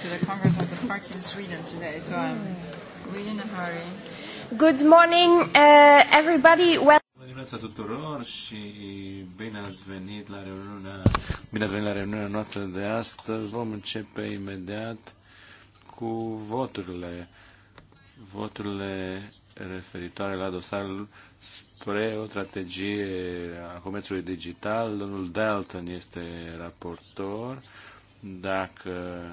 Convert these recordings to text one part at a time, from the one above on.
to the Congress of the Party in Sweden today, so I'm really in a hurry. Good morning, uh, everybody. Well Bună dimineața tuturor și bine ați venit la reuniunea, bine ați venit la reuniunea noastră de astăzi. Vom începe imediat cu voturile, voturile referitoare la dosarul spre o strategie a comerțului digital. Domnul Dalton este raportor. Dacă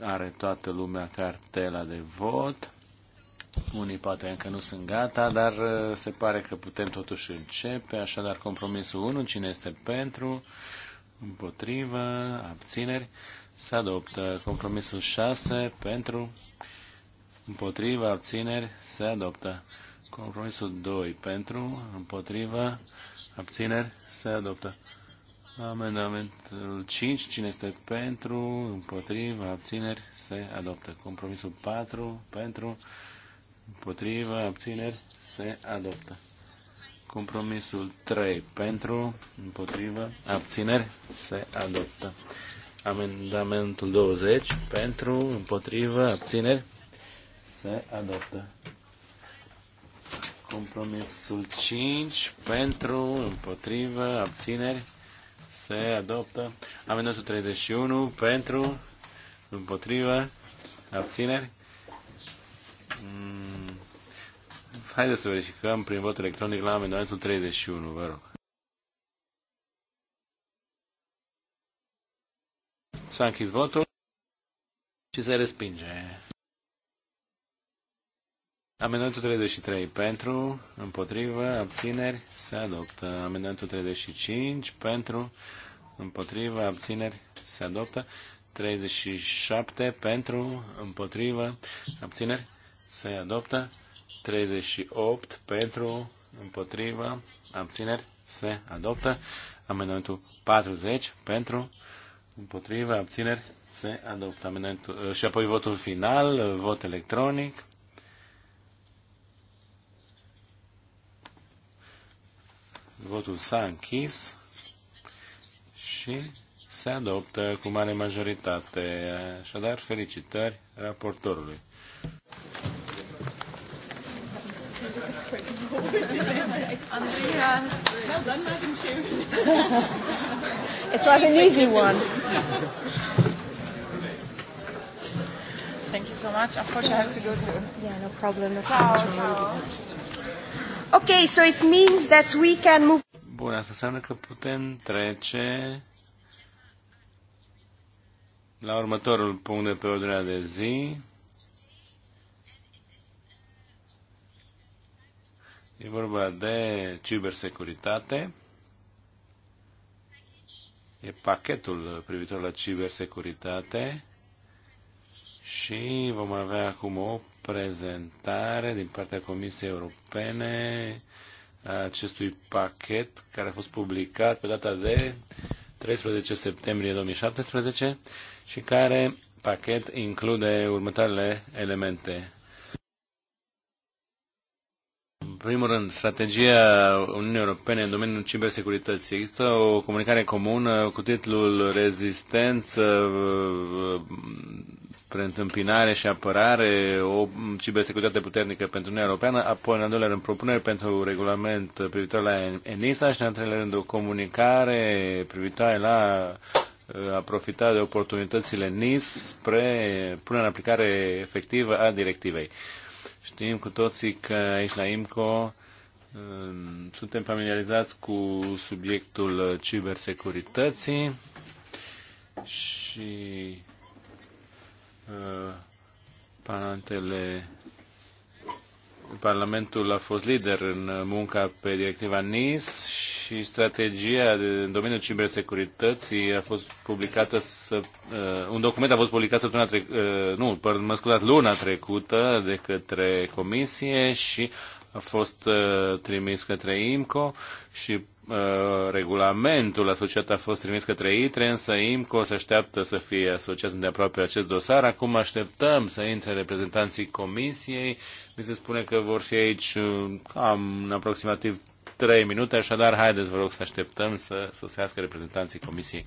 are toată lumea cartela de vot. Unii poate încă nu sunt gata, dar uh, se pare că putem totuși începe. Așadar, compromisul 1, cine este pentru, împotrivă, abțineri, se adoptă. Compromisul 6, pentru, împotrivă, abțineri, se adoptă. Compromisul 2, pentru, împotrivă, abțineri, se adoptă. Amendamentul 5. Cine este pentru? Împotriva? Abțineri? Se adoptă. Compromisul 4. Pentru? Împotriva? Abțineri? Se adoptă. Compromisul 3. Pentru? Împotriva? Abțineri? Se adoptă. Amendamentul 20. Pentru? Împotriva? Abțineri? Se adoptă. Compromisul 5. Pentru? Împotriva? Abțineri? se adoptă se adoptă. Amendamentul 31 pentru, împotrivă, abțineri. Hmm. Haideți să verificăm prin vot electronic la amendamentul 31, vă rog. S-a închis votul și se respinge. Amendamentul 33 pentru, împotrivă, abțineri, se adoptă. Amendamentul 35 pentru, împotrivă, abțineri, se adoptă. 37 pentru, împotrivă, abțineri, se adoptă. 38 pentru, împotrivă, abțineri, se adoptă. Amendamentul 40 pentru, împotrivă, abțineri, se adoptă. Amendamentul, și apoi votul final, vot electronic. Votul s-a închis și se adoptă cu mare majoritate. Așadar, felicitări raportorului. Andreas, well an easy one. Thank you so much. Of course, I have to go to. Yeah, no problem. Ciao, ciao so it means that we can move... Bun, asta înseamnă că putem trece la următorul punct de pe ordinea de zi. E vorba de cibersecuritate. E pachetul privitor la cibersecuritate și vom avea acum o prezentare din partea Comisiei Europene a acestui pachet care a fost publicat pe data de 13 septembrie 2017 și care pachet include următoarele elemente primul rând, strategia Uniunii Europene în domeniul cibersecurității. Există o comunicare comună cu titlul Rezistență, preîntâmpinare și apărare, o cibersecuritate puternică pentru Uniunea Europeană, apoi, în al doilea rând, propuneri pentru regulament privitor la ENISA și, în al treilea rând, o comunicare privitoare la a profita de oportunitățile NIS spre punerea în aplicare efectivă a directivei. Știm cu toții că aici la IMCO um, suntem familiarizați cu subiectul cibersecurității și uh, panantele Parlamentul a fost lider în munca pe directiva NIS și strategia de, în domeniul cibersecurității a fost publicată, să, uh, un document a fost publicat săptămâna trecută, uh, nu, mă scuzați, luna trecută de către Comisie și a fost uh, trimis către IMCO și Uh, regulamentul asociat a fost trimis către ITRE, însă IMCO se așteaptă să fie asociat de aproape acest dosar. Acum așteptăm să intre reprezentanții comisiei. Mi se spune că vor fi aici uh, cam în aproximativ 3 minute, așadar haideți vă rog să așteptăm să sosească reprezentanții comisiei.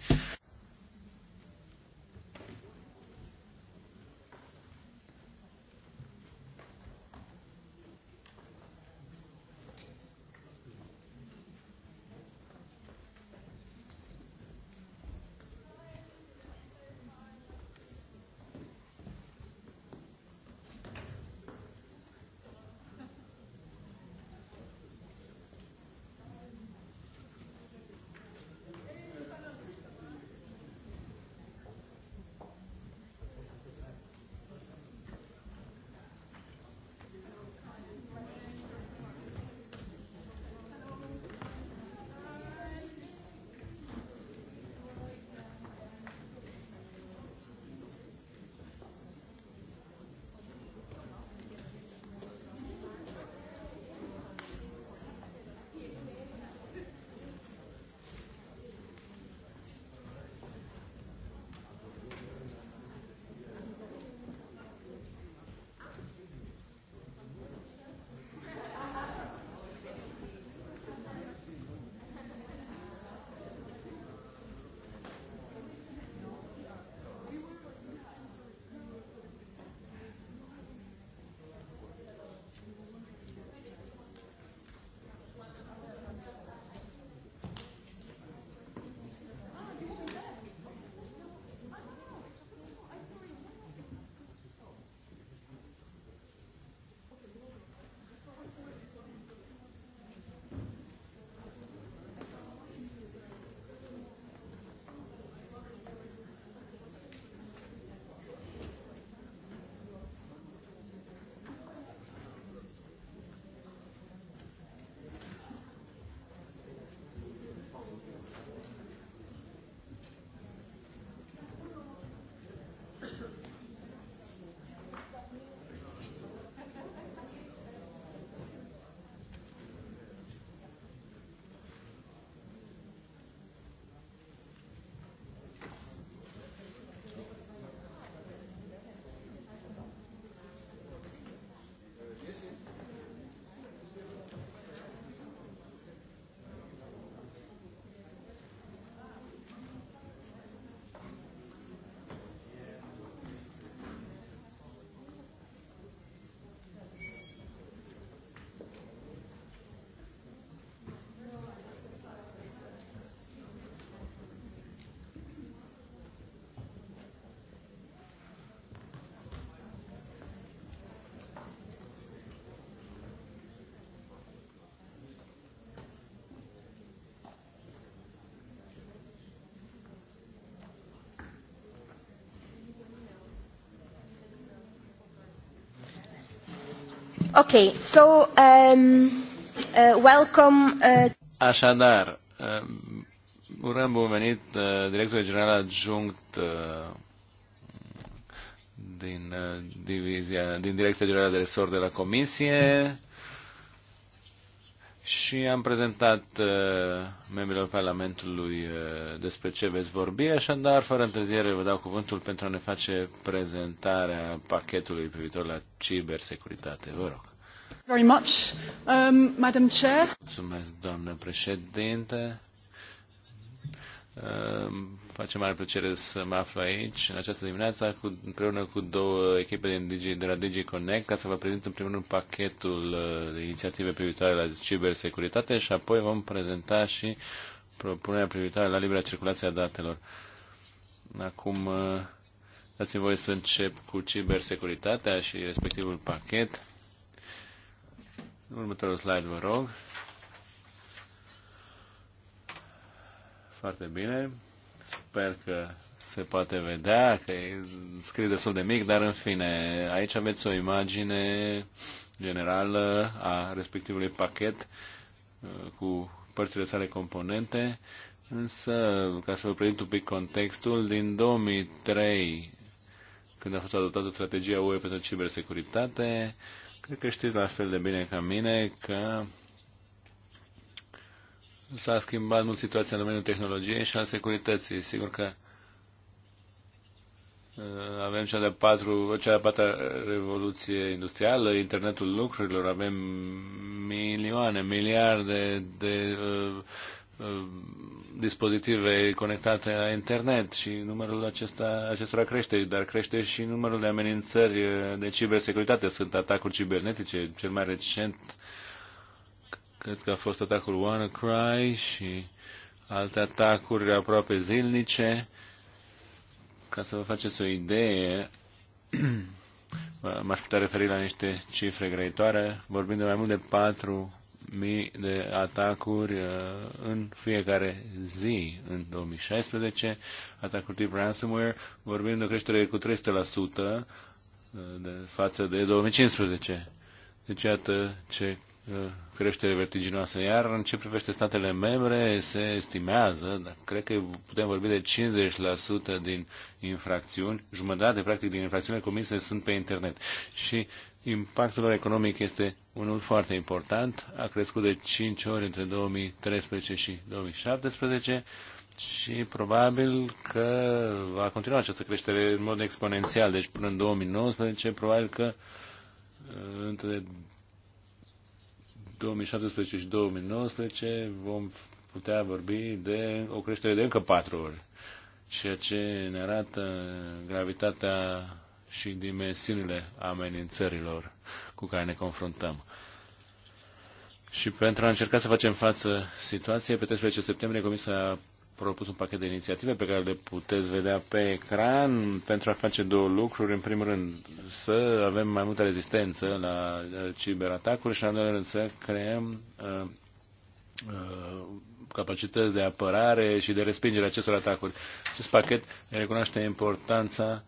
Ok, so, um, uh, welcome... Uh... Așadar, uh, urăm bun venit uh, directorul general adjunct uh, din, uh, divizia, din Direcția Generală de Resort de la Comisie, și am prezentat uh, membrilor Parlamentului uh, despre ce veți vorbi, așadar, fără întârziere, vă dau cuvântul pentru a ne face prezentarea pachetului privitor la cibersecuritate. Vă rog. Very much, um, Madam Chair. Mulțumesc, doamnă președinte face mare plăcere să mă aflu aici în această dimineață cu, împreună cu două echipe din Digi, de la Digi Connect ca să vă prezint în primul rând pachetul uh, de inițiative privitoare la cibersecuritate și apoi vom prezenta și propunerea privitoare la libera circulație a datelor. Acum uh, dați-mi voie să încep cu cibersecuritatea și respectivul pachet. Următorul slide, vă rog. foarte bine. Sper că se poate vedea, că e scris destul de mic, dar în fine, aici aveți o imagine generală a respectivului pachet uh, cu părțile sale componente, însă, ca să vă prezint un pic contextul, din 2003, când a fost adoptată strategia UE pentru cibersecuritate, cred că știți la fel de bine ca mine că s-a schimbat mult situația în domeniul tehnologiei și al securității. Sigur că uh, avem cea de-a patru, cea de patra revoluție industrială, internetul lucrurilor, avem milioane, miliarde de uh, uh, dispozitive conectate la internet și numărul acesta, acestora crește, dar crește și numărul de amenințări de cibersecuritate. Sunt atacuri cibernetice, cel mai recent Cred că a fost atacul WannaCry și alte atacuri aproape zilnice. Ca să vă faceți o idee, m-aș putea referi la niște cifre greitoare, vorbind de mai mult de 4.000 mii de atacuri uh, în fiecare zi în 2016, atacuri tip ransomware, vorbim de o creștere cu 300% uh, de față de 2015. Deci iată ce creștere vertiginoasă. Iar în ce privește statele membre, se estimează, cred că putem vorbi de 50% din infracțiuni, jumătate practic din infracțiunile comise sunt pe internet. Și impactul lor economic este unul foarte important, a crescut de 5 ori între 2013 și 2017 și probabil că va continua această creștere în mod exponențial, deci până în 2019 probabil că uh, între 2017 și 2019 vom putea vorbi de o creștere de încă patru ori, ceea ce ne arată gravitatea și dimensiunile amenințărilor cu care ne confruntăm. Și pentru a încerca să facem față situației, pe 13 septembrie Comisia propus un pachet de inițiative pe care le puteți vedea pe ecran pentru a face două lucruri. În primul rând, să avem mai multă rezistență la ciberatacuri și, în al doilea rând, să creăm uh, uh, capacități de apărare și de respingere acestor atacuri. Acest pachet recunoaște importanța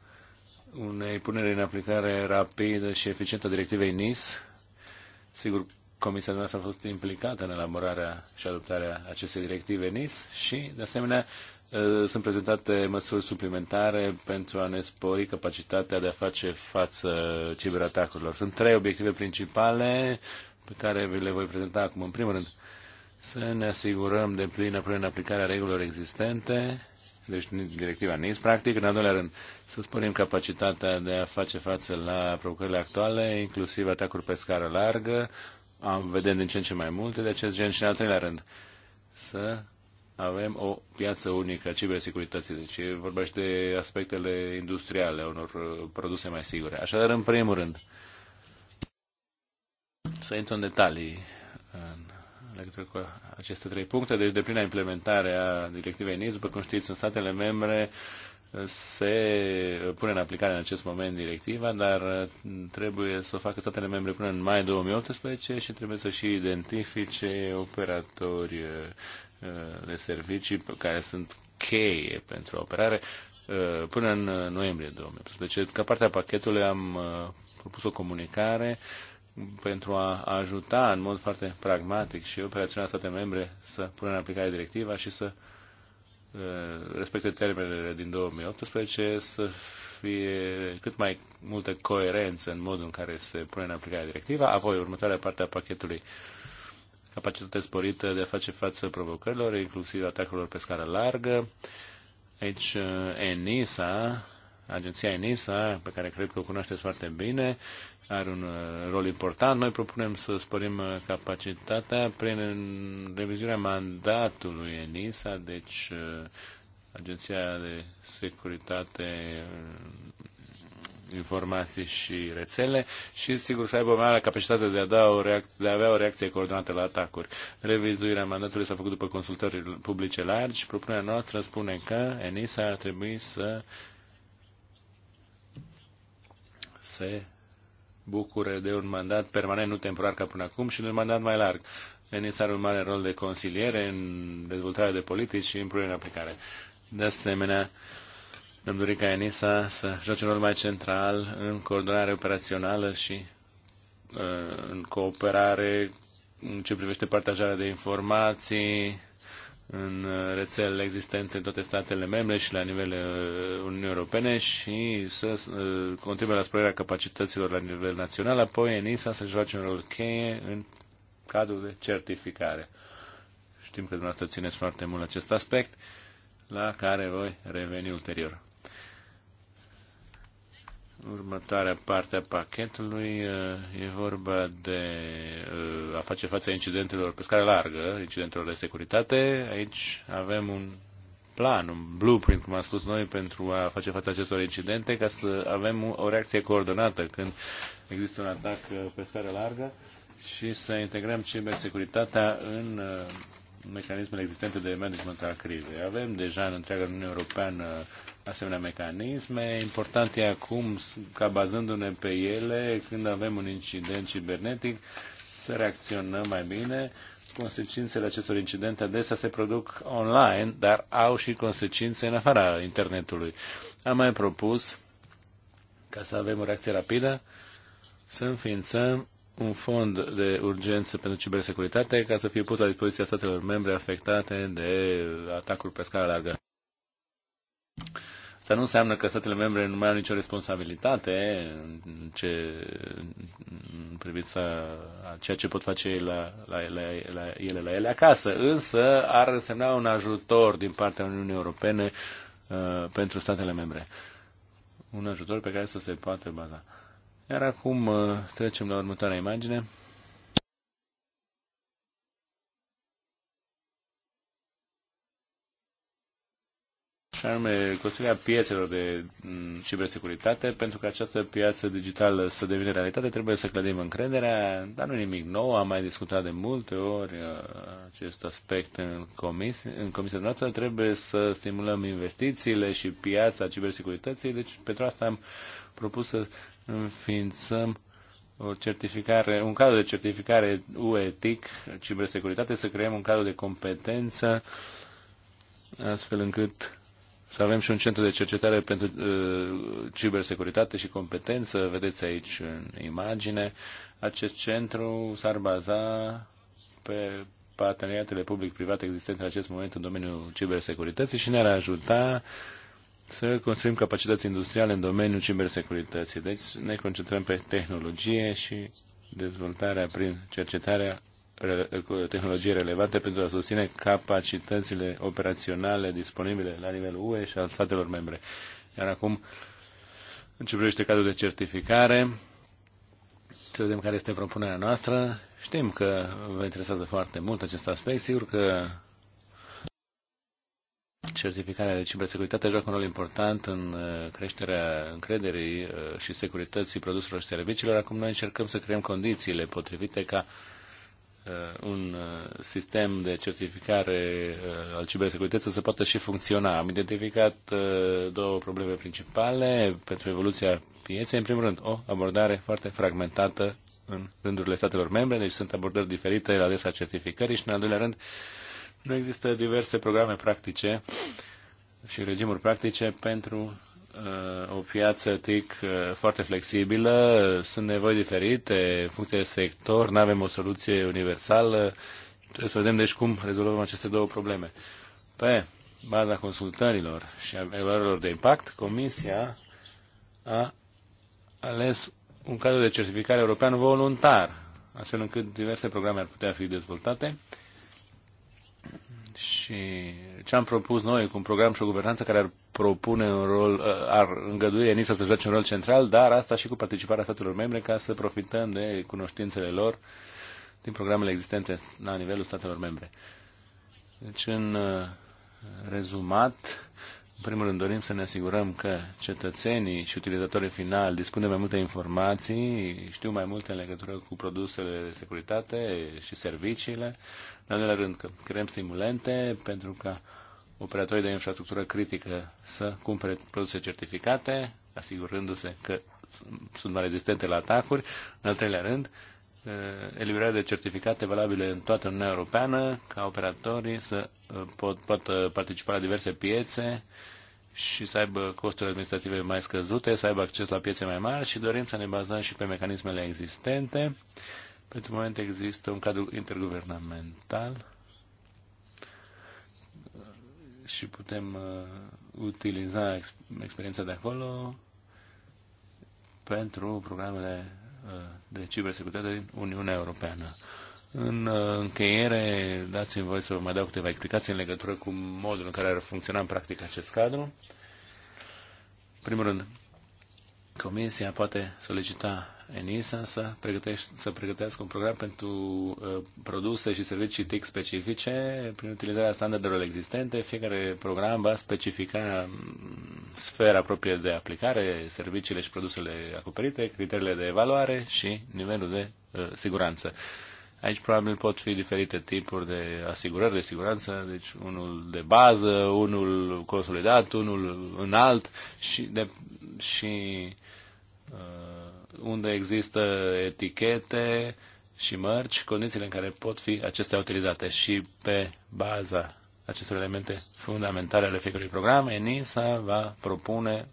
unei puneri în aplicare rapidă și eficientă a directivei NIS. Sigur, Comisia noastră a fost implicată în elaborarea și adoptarea acestei directive NIS și, de asemenea, ă, sunt prezentate măsuri suplimentare pentru a ne spori capacitatea de a face față ciberatacurilor. Sunt trei obiective principale pe care vi le voi prezenta acum. În primul rând, să ne asigurăm de plină până în aplicarea regulilor existente, deci directiva NIS, practic. În al doilea rând, să sporim capacitatea de a face față la provocările actuale, inclusiv atacuri pe scară largă, am, vedem din ce în ce mai multe de acest gen și în al treilea rând să avem o piață unică a cibersecurității. Deci vorbește de aspectele industriale, unor uh, produse mai sigure. Așadar, în primul rând, să intru în detalii în legătură cu aceste trei puncte. Deci, de plină implementare a directivei NIS, după cum știți, în statele membre, uh, se pune în aplicare în acest moment directiva, dar trebuie să o facă statele membre până în mai 2018 și trebuie să și identifice operatori eh, de servicii care sunt cheie pentru operare eh, până în noiembrie 2018. Ca parte a pachetului am eh, propus o comunicare pentru a ajuta în mod foarte pragmatic și operațiunea state membre să pună în aplicare directiva și să Uh, respecte termenele din 2018, să fie cât mai multă coerență în modul în care se pune în aplicare directiva, apoi următoarea parte a pachetului capacitate sporită de a face față provocărilor, inclusiv atacurilor pe scară largă. Aici uh, ENISA, agenția ENISA, pe care cred că o cunoașteți foarte bine, are un uh, rol important. Noi propunem să sporim uh, capacitatea prin revizuirea mandatului ENISA, deci uh, Agenția de Securitate informații și rețele și sigur să aibă mai mare capacitate de a, da o reacție, de a avea o reacție coordonată la atacuri. Revizuirea mandatului s-a făcut după consultări publice largi. Propunerea noastră spune că ENISA ar trebui să se bucură de un mandat permanent, nu temporar ca până acum, și de un mandat mai larg. ENIS are un mare rol de consiliere în dezvoltarea de politici și în punerea în aplicare. De asemenea, îmi am ca ENISA să joace un rol mai central în coordonare operațională și uh, în cooperare în ce privește partajarea de informații, în uh, rețelele existente în toate statele membre și la nivel uh, Uniunii Europene și să uh, contribuie la sporirea capacităților la nivel național, apoi ENISA să joace un rol cheie în cadrul de certificare. Știm că dumneavoastră țineți foarte mult acest aspect, la care voi reveni ulterior. Următoarea parte a pachetului uh, e vorba de uh, a face față incidentelor pe scară largă, incidentelor de securitate. Aici avem un plan, un blueprint, cum am spus noi, pentru a face față acestor incidente, ca să avem o reacție coordonată când există un atac uh, pe scară largă și să integrăm cibersecuritatea în mecanismele existente de management al crizei. Avem deja în întreaga Uniune Europeană asemenea mecanisme. Important e acum ca bazându-ne pe ele, când avem un incident cibernetic, să reacționăm mai bine. Consecințele acestor incidente adesea se produc online, dar au și consecințe în afara internetului. Am mai propus, ca să avem o reacție rapidă, să înființăm un fond de urgență pentru cibersecuritate ca să fie pus la dispoziția statelor membre afectate de atacuri pe scară largă. Asta nu înseamnă că statele membre nu mai au nicio responsabilitate în, ce, în privința a ceea ce pot face ele la, la, la, la, ele la ele acasă, însă ar însemna un ajutor din partea Uniunii Europene uh, pentru statele membre. Un ajutor pe care să se poată baza. Iar acum uh, trecem la următoarea imagine. anume construirea piețelor de mm, cibersecuritate, pentru că această piață digitală să devină realitate, trebuie să clădim încrederea, dar nu nimic nou, am mai discutat de multe ori uh, acest aspect în, comisie. în comisia noastră, trebuie să stimulăm investițiile și piața cibersecurității, deci pentru asta am propus să înființăm o certificare, un cadru de certificare UETIC, cibersecuritate, să creăm un cadru de competență astfel încât să avem și un centru de cercetare pentru uh, cibersecuritate și competență, vedeți aici în imagine. Acest centru s-ar baza pe parteneriatele public-private existente în acest moment în domeniul cibersecurității și ne-ar ajuta să construim capacități industriale în domeniul cibersecurității. Deci ne concentrăm pe tehnologie și dezvoltarea prin cercetarea tehnologie relevante pentru a susține capacitățile operaționale disponibile la nivelul UE și al statelor membre. Iar acum, în ce privește cadrul de certificare, să vedem care este propunerea noastră. Știm că vă interesează foarte mult acest aspect. Sigur că certificarea de cibersecuritate joacă un rol important în uh, creșterea încrederii uh, și securității produselor și serviciilor. Acum noi încercăm să creăm condițiile potrivite ca Uh, un uh, sistem de certificare uh, al cibersecurității să poată și funcționa. Am identificat două probleme principale pentru evoluția pieței. În primul rând, o abordare foarte fragmentată în rândurile statelor membre, deci sunt abordări diferite la adresa certificării și, în al doilea rând, nu există diverse programe practice și regimuri practice pentru Uh, o piață TIC uh, foarte flexibilă, sunt nevoi diferite în funcție de sector, nu avem o soluție universală. Trebuie să vedem deci cum rezolvăm aceste două probleme. Pe baza consultărilor și a evaluărilor de impact, Comisia a ales un cadru de certificare european voluntar, astfel încât diverse programe ar putea fi dezvoltate și ce am propus noi cu un program și o guvernanță care ar propune un rol, uh, ar îngădui ENISA să joace un rol central, dar asta și cu participarea statelor membre ca să profităm de cunoștințele lor din programele existente la nivelul statelor membre. Deci, în uh, rezumat, în primul rând, dorim să ne asigurăm că cetățenii și utilizatorii finali dispun de mai multe informații, știu mai multe în legătură cu produsele de securitate și serviciile. În al doilea rând, că creăm stimulente pentru ca operatorii de infrastructură critică să cumpere produse certificate, asigurându-se că sunt mai rezistente la atacuri. În al treilea rând, Uh, eliberarea de certificate valabile în toată Uniunea Europeană, ca operatorii să uh, pot, pot participa la diverse piețe și să aibă costuri administrative mai scăzute, să aibă acces la piețe mai mari și dorim să ne bazăm și pe mecanismele existente. Pentru moment există un cadru interguvernamental și putem uh, utiliza ex- experiența de acolo pentru programele Uh, de cibersecuritate din Uniunea Europeană. În uh, încheiere, dați-mi voi să vă mai dau câteva explicații în legătură cu modul în care ar funcționa în practic acest cadru. În primul rând, Comisia poate solicita ENISA să, să pregătească un program pentru uh, produse și servicii TIC specifice prin utilizarea standardelor existente. Fiecare program va specifica mm, sfera proprie de aplicare, serviciile și produsele acoperite, criteriile de evaluare și nivelul de uh, siguranță. Aici probabil pot fi diferite tipuri de asigurări de siguranță, deci unul de bază, unul consolidat, unul înalt și, de, și uh, unde există etichete și mărci, condițiile în care pot fi acestea utilizate. Și pe baza acestor elemente fundamentale ale fiecărui program, ENISA va propune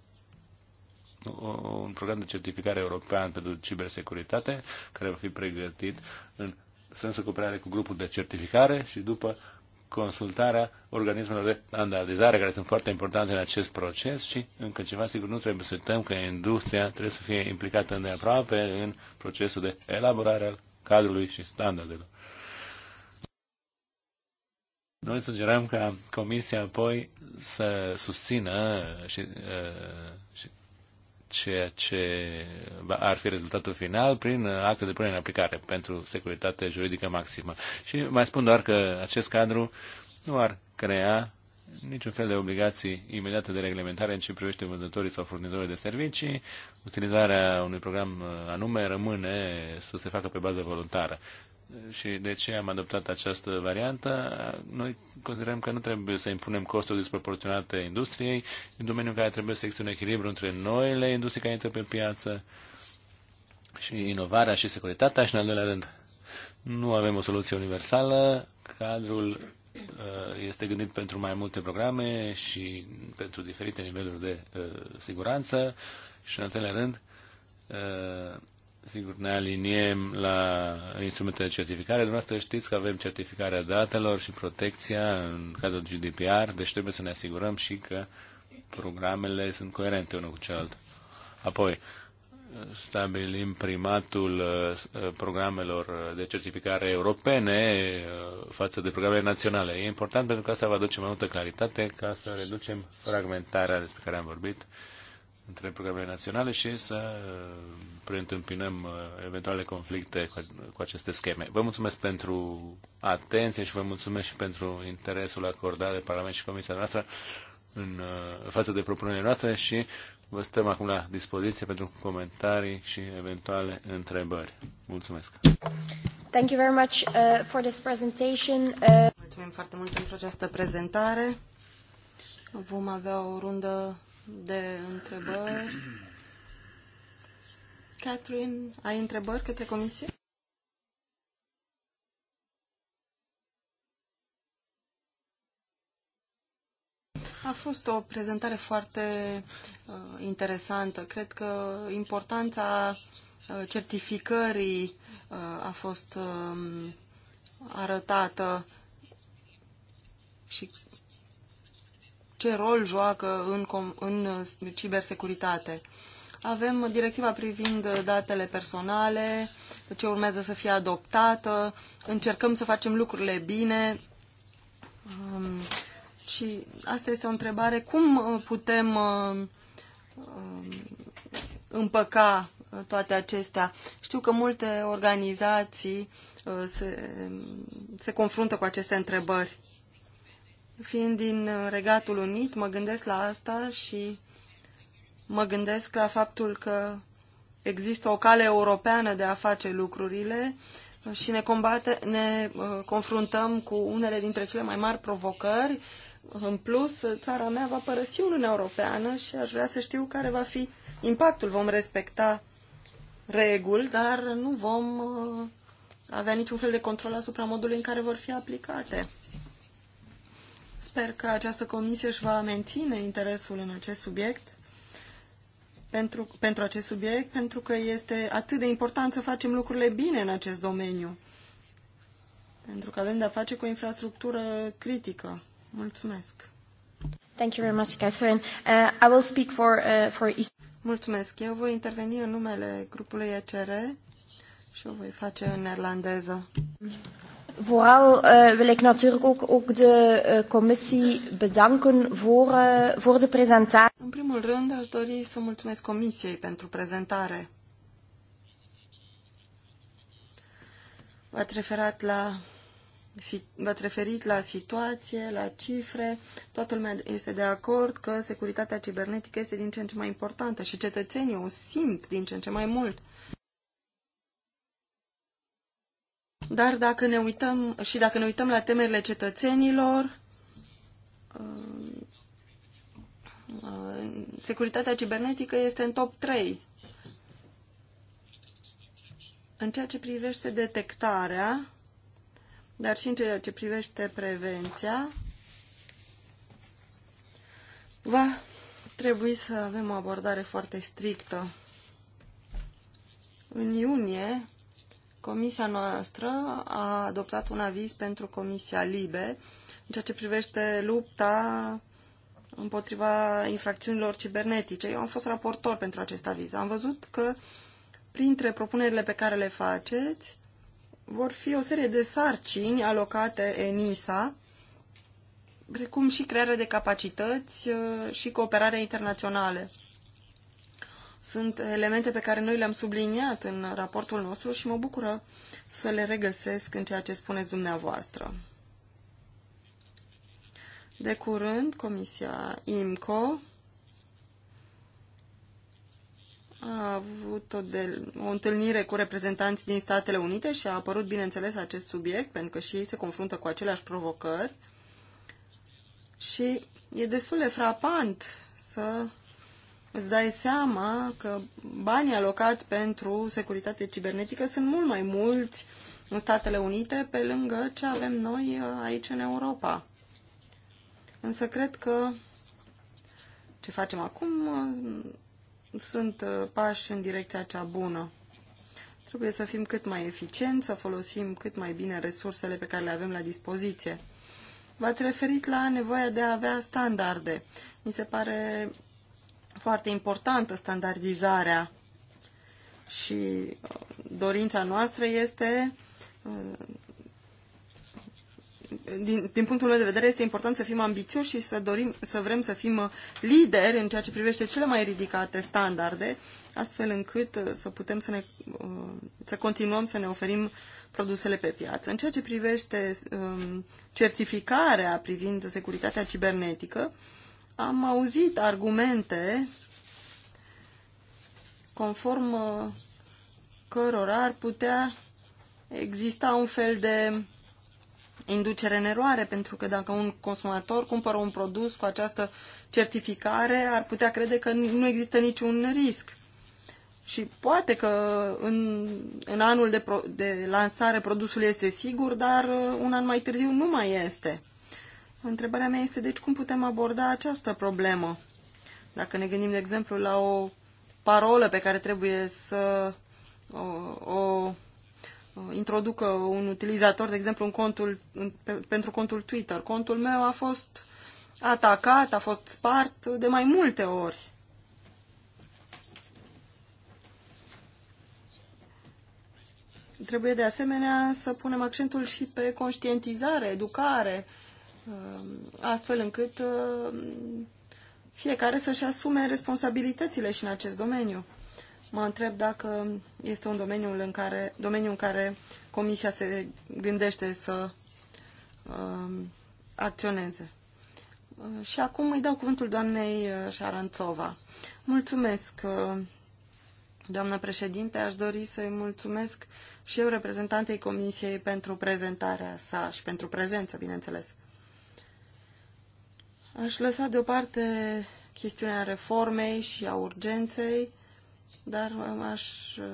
un program de certificare european pentru cibersecuritate, care va fi pregătit în sensul cooperare cu grupul de certificare și după consultarea organismelor de standardizare care sunt foarte importante în acest proces și încă ceva, sigur, nu trebuie să uităm că industria trebuie să fie implicată îndeaproape în procesul de elaborare al cadrului și standardelor. Noi sugerăm ca Comisia apoi să susțină și, uh, și ceea ce ar fi rezultatul final prin uh, acte de punere în aplicare pentru securitate juridică maximă. Și mai spun doar că acest cadru nu ar crea niciun fel de obligații imediate de reglementare în ce privește vânzătorii sau furnizorii de servicii. Utilizarea unui program uh, anume rămâne să se facă pe bază voluntară și de ce am adoptat această variantă. Noi considerăm că nu trebuie să impunem costuri disproporționate industriei, în domeniul care trebuie să existe un echilibru între noile industrie care intră pe piață și inovarea și securitatea și, în al doilea rând, nu avem o soluție universală. Cadrul uh, este gândit pentru mai multe programe și pentru diferite niveluri de uh, siguranță și, în al treilea rând, uh, sigur, ne aliniem la instrumentele de certificare. Dumneavoastră știți că avem certificarea datelor și protecția în cadrul GDPR, deci trebuie să ne asigurăm și că programele sunt coerente unul cu celălalt. Apoi, stabilim primatul uh, programelor de certificare europene uh, față de programele naționale. E important pentru că asta va aduce mai multă claritate ca să reducem fragmentarea despre care am vorbit între programele naționale și să uh, preîntâmpinăm uh, eventuale conflicte cu aceste scheme. Vă mulțumesc pentru atenție și vă mulțumesc și pentru interesul acordat de Parlament și Comisia noastră în uh, față de propunerile noastre și vă stăm acum la dispoziție pentru comentarii și eventuale întrebări. Mulțumesc! Thank you very much uh, for this presentation. Uh... Mulțumim foarte mult pentru această prezentare. Vom avea o rundă de întrebări. Catherine, ai întrebări către comisie? A fost o prezentare foarte uh, interesantă. Cred că importanța uh, certificării uh, a fost uh, arătată și ce rol joacă în, în uh, cibersecuritate. Avem directiva privind uh, datele personale, ce urmează să fie adoptată, încercăm să facem lucrurile bine. Um, și asta este o întrebare. Cum uh, putem um, împăca toate acestea? Știu că multe organizații se, se confruntă cu aceste întrebări. Fiind din uh, Regatul Unit, mă gândesc la asta și mă gândesc la faptul că există o cale europeană de a face lucrurile uh, și ne, combate, ne uh, confruntăm cu unele dintre cele mai mari provocări. În plus, țara mea va părăsi Uniunea Europeană și aș vrea să știu care va fi impactul. Vom respecta reguli, dar nu vom avea niciun fel de control asupra modului în care vor fi aplicate. Sper că această comisie își va menține interesul în acest subiect, pentru, pentru acest subiect, pentru că este atât de important să facem lucrurile bine în acest domeniu. Pentru că avem de-a face cu o infrastructură critică. Mulțumesc. Thank you very much, Catherine. Uh, I will speak for, uh, for Mulțumesc. Eu voi interveni în numele grupului ECR și o voi face în neerlandeză. Vooral uh, wil ik natuurlijk ook, ook de uh, commissie bedanken voor, uh, voor de presentatie. În primul rând, aș dori să mulțumesc comisiei pentru prezentare. V-ați referat la v-ați referit la situație, la cifre. Toată lumea este de acord că securitatea cibernetică este din ce în ce mai importantă și cetățenii o simt din ce în ce mai mult. Dar dacă ne uităm și dacă ne uităm la temerile cetățenilor, uh, uh, securitatea cibernetică este în top 3. În ceea ce privește detectarea, dar și în ceea ce privește prevenția, va trebui să avem o abordare foarte strictă. În iunie, Comisia noastră a adoptat un aviz pentru Comisia Libe în ceea ce privește lupta împotriva infracțiunilor cibernetice. Eu am fost raportor pentru acest aviz. Am văzut că printre propunerile pe care le faceți vor fi o serie de sarcini alocate ENISA, precum și crearea de capacități uh, și cooperarea internaționale, sunt elemente pe care noi le-am subliniat în raportul nostru și mă bucură să le regăsesc în ceea ce spuneți dumneavoastră. De curând, Comisia IMCO a avut o, de, o întâlnire cu reprezentanți din Statele Unite și a apărut, bineînțeles, acest subiect, pentru că și ei se confruntă cu aceleași provocări. Și e destul de frapant să îți dai seama că banii alocați pentru securitate cibernetică sunt mult mai mulți în Statele Unite pe lângă ce avem noi uh, aici în Europa. Însă cred că ce facem acum uh, sunt uh, pași în direcția cea bună. Trebuie să fim cât mai eficienți, să folosim cât mai bine resursele pe care le avem la dispoziție. V-ați referit la nevoia de a avea standarde. Mi se pare foarte importantă standardizarea și uh, dorința noastră este uh, din, din punctul meu de vedere este important să fim ambițioși și să, dorim, să vrem să fim uh, lideri în ceea ce privește cele mai ridicate standarde, astfel încât să putem să, ne, să continuăm să ne oferim produsele pe piață. În ceea ce privește um, certificarea privind securitatea cibernetică, am auzit argumente conform uh, cărora ar putea exista un fel de inducere în eroare, pentru că dacă un consumator cumpără un produs cu această certificare, ar putea crede că nu există niciun risc. Și poate că în, în anul de, pro, de lansare produsul este sigur, dar uh, un an mai târziu nu mai este. Întrebarea mea este, deci, cum putem aborda această problemă? Dacă ne gândim, de exemplu, la o parolă pe care trebuie să o, o introducă un utilizator, de exemplu, în contul, în, pe, pentru contul Twitter. Contul meu a fost atacat, a fost spart de mai multe ori. Trebuie de asemenea să punem accentul și pe conștientizare, educare, uh, Uh, astfel încât uh, fiecare să-și asume responsabilitățile și în acest domeniu. Mă întreb dacă este un domeniu în care, domeniu în care Comisia se gândește să uh, acționeze. Și acum îi dau cuvântul doamnei Șaranțova. Mulțumesc, doamnă președinte. Aș dori să-i mulțumesc și eu reprezentantei Comisiei pentru prezentarea sa și pentru prezență, bineînțeles. Aș lăsa deoparte chestiunea reformei și a urgenței, dar m-aș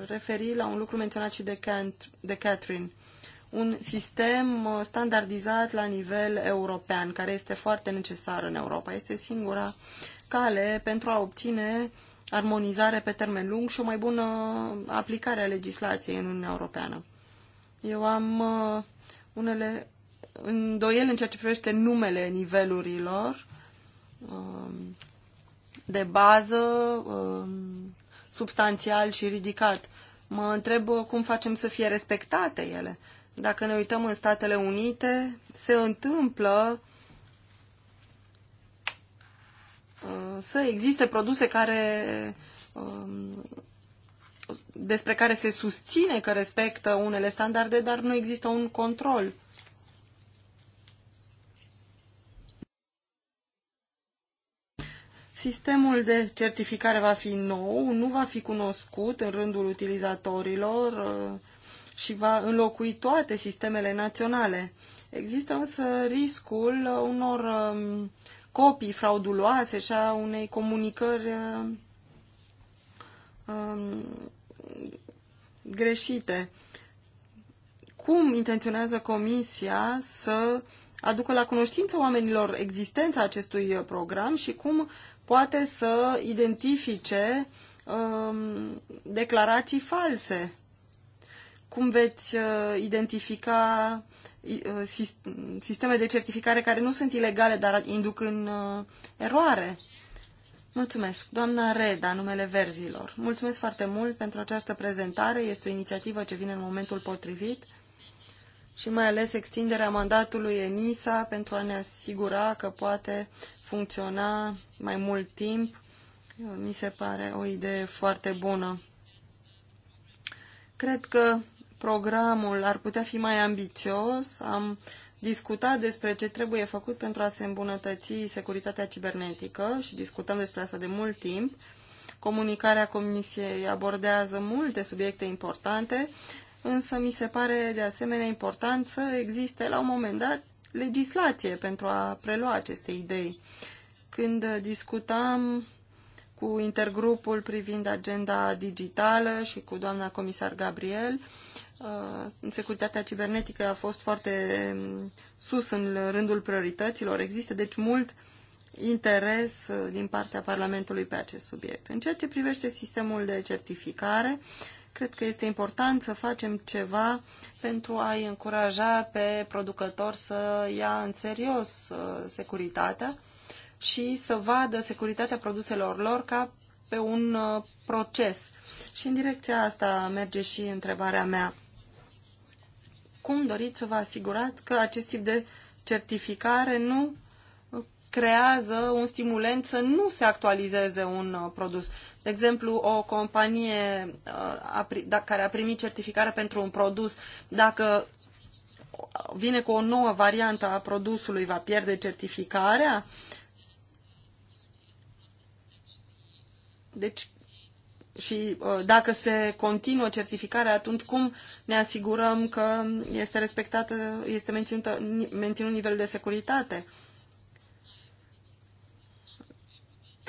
referi la un lucru menționat și de, Cant- de Catherine. Un sistem uh, standardizat la nivel european, care este foarte necesar în Europa. Este singura cale pentru a obține armonizare pe termen lung și o mai bună aplicare a legislației în Uniunea Europeană. Eu am uh, unele îndoieli în ceea ce privește numele nivelurilor Um, de bază um, substanțial și ridicat. Mă întreb cum facem să fie respectate ele. Dacă ne uităm în Statele Unite, se întâmplă uh, să existe produse care um, despre care se susține că respectă unele standarde, dar nu există un control. Sistemul de certificare va fi nou, nu va fi cunoscut în rândul utilizatorilor uh, și va înlocui toate sistemele naționale. Există însă riscul uh, unor um, copii frauduloase și a unei comunicări uh, um, greșite. Cum intenționează Comisia să aducă la cunoștință oamenilor existența acestui program și cum poate să identifice um, declarații false. Cum veți uh, identifica uh, sisteme de certificare care nu sunt ilegale, dar induc în uh, eroare? Mulțumesc, doamna Reda, numele verzilor. Mulțumesc foarte mult pentru această prezentare. Este o inițiativă ce vine în momentul potrivit și mai ales extinderea mandatului ENISA pentru a ne asigura că poate funcționa mai mult timp. Mi se pare o idee foarte bună. Cred că programul ar putea fi mai ambițios. Am discutat despre ce trebuie făcut pentru a se îmbunătăți securitatea cibernetică și discutăm despre asta de mult timp. Comunicarea Comisiei abordează multe subiecte importante, însă mi se pare de asemenea important să existe la un moment dat legislație pentru a prelua aceste idei. Când discutam cu intergrupul privind agenda digitală și cu doamna comisar Gabriel, uh, securitatea cibernetică a fost foarte um, sus în rândul priorităților. Există deci mult interes uh, din partea Parlamentului pe acest subiect. În ceea ce privește sistemul de certificare, uh, Cred că este important să facem ceva pentru a-i încuraja pe producători să ia în serios uh, securitatea și să vadă securitatea produselor lor ca pe un uh, proces. Și în direcția asta merge și întrebarea mea. Cum doriți să vă asigurați că acest tip de certificare nu creează un stimulent să nu se actualizeze un uh, produs. De exemplu, o companie uh, da, care a primit certificare pentru un produs, dacă vine cu o nouă variantă a produsului, va pierde certificarea? Deci, și uh, dacă se continuă certificarea, atunci cum ne asigurăm că este respectată, este menținut, menținut nivelul de securitate?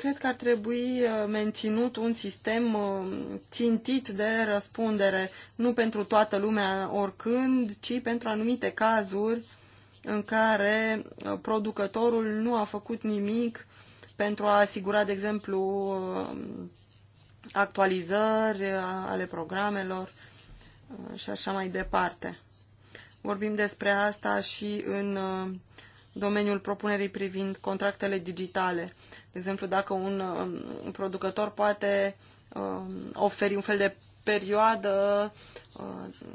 Cred că ar trebui uh, menținut un sistem uh, țintit de răspundere, nu pentru toată lumea oricând, ci pentru anumite cazuri în care uh, producătorul nu a făcut nimic pentru a asigura, de exemplu, actualizări ale programelor și așa mai departe. Vorbim despre asta și în domeniul propunerii privind contractele digitale. De exemplu, dacă un, um, un producător poate um, oferi un fel de perioadă uh,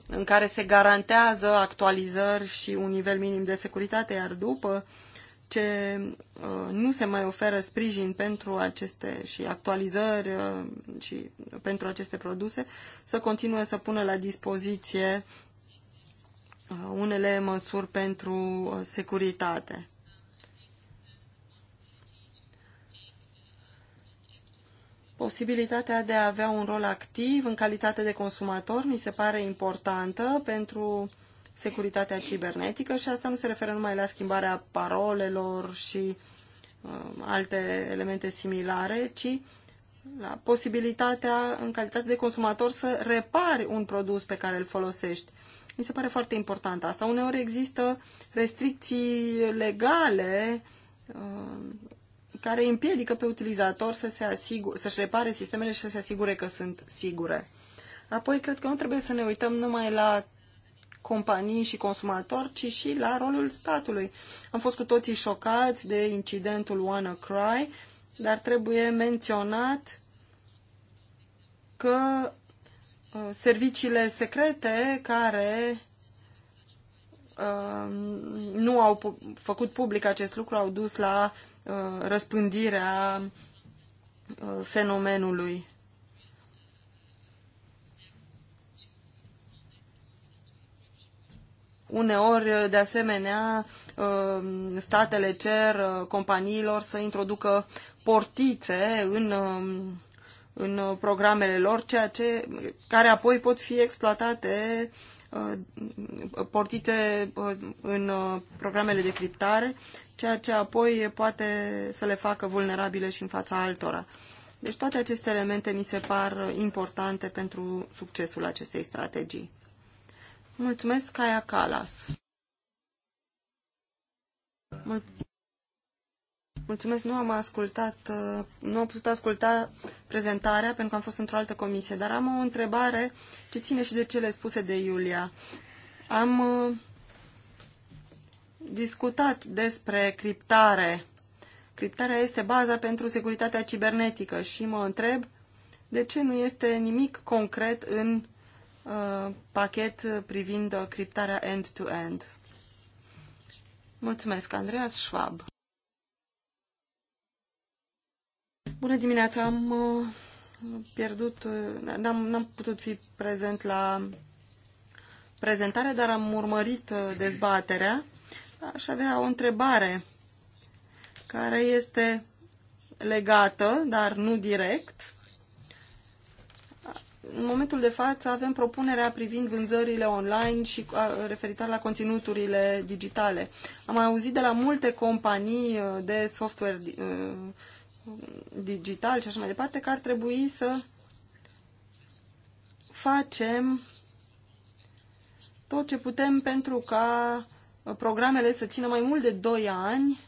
în care se garantează actualizări și un nivel minim de securitate, iar după ce uh, nu se mai oferă sprijin pentru aceste și actualizări uh, și pentru aceste produse, să continue să pună la dispoziție Uh, unele măsuri pentru uh, securitate. Posibilitatea de a avea un rol activ în calitate de consumator mi se pare importantă pentru securitatea cibernetică și asta nu se referă numai la schimbarea parolelor și uh, alte elemente similare, ci la posibilitatea în calitate de consumator să repari un produs pe care îl folosești. Mi se pare foarte important asta. Uneori există restricții legale uh, care împiedică pe utilizator să se asigur, să-și repare sistemele și să se asigure că sunt sigure. Apoi, cred că nu trebuie să ne uităm numai la companii și consumatori, ci și la rolul statului. Am fost cu toții șocați de incidentul WannaCry, dar trebuie menționat că Uh, serviciile secrete care uh, nu au făcut public acest lucru au dus la uh, răspândirea fenomenului. Uneori, de asemenea, statele cer companiilor să introducă portițe în în uh, programele lor, ceea ce, care apoi pot fi exploatate uh, portite uh, în programele de criptare, ceea ce apoi poate să le facă vulnerabile și în fața altora. Deci toate aceste elemente mi se par importante pentru succesul acestei strategii. Mulțumesc, Kaya Kalas. Mulțumesc. Mulțumesc, nu am ascultat, uh, nu am putut asculta prezentarea pentru că am fost într-o altă comisie, dar am o întrebare ce ține și de cele spuse de Iulia. Am uh, discutat despre criptare. Criptarea este baza pentru securitatea cibernetică și mă întreb de ce nu este nimic concret în uh, pachet privind criptarea end-to-end. -end. Mulțumesc, Andreas Schwab. Bună dimineața! Am uh, pierdut, uh, n-am, putut fi prezent la prezentare, dar am urmărit uh, dezbaterea. Aș avea o întrebare care este legată, dar nu direct. În momentul de față avem propunerea privind vânzările online și referitor la conținuturile digitale. Am auzit de la multe companii de software digital și așa mai departe, că ar trebui să facem tot ce putem pentru ca programele să țină mai mult de 2 ani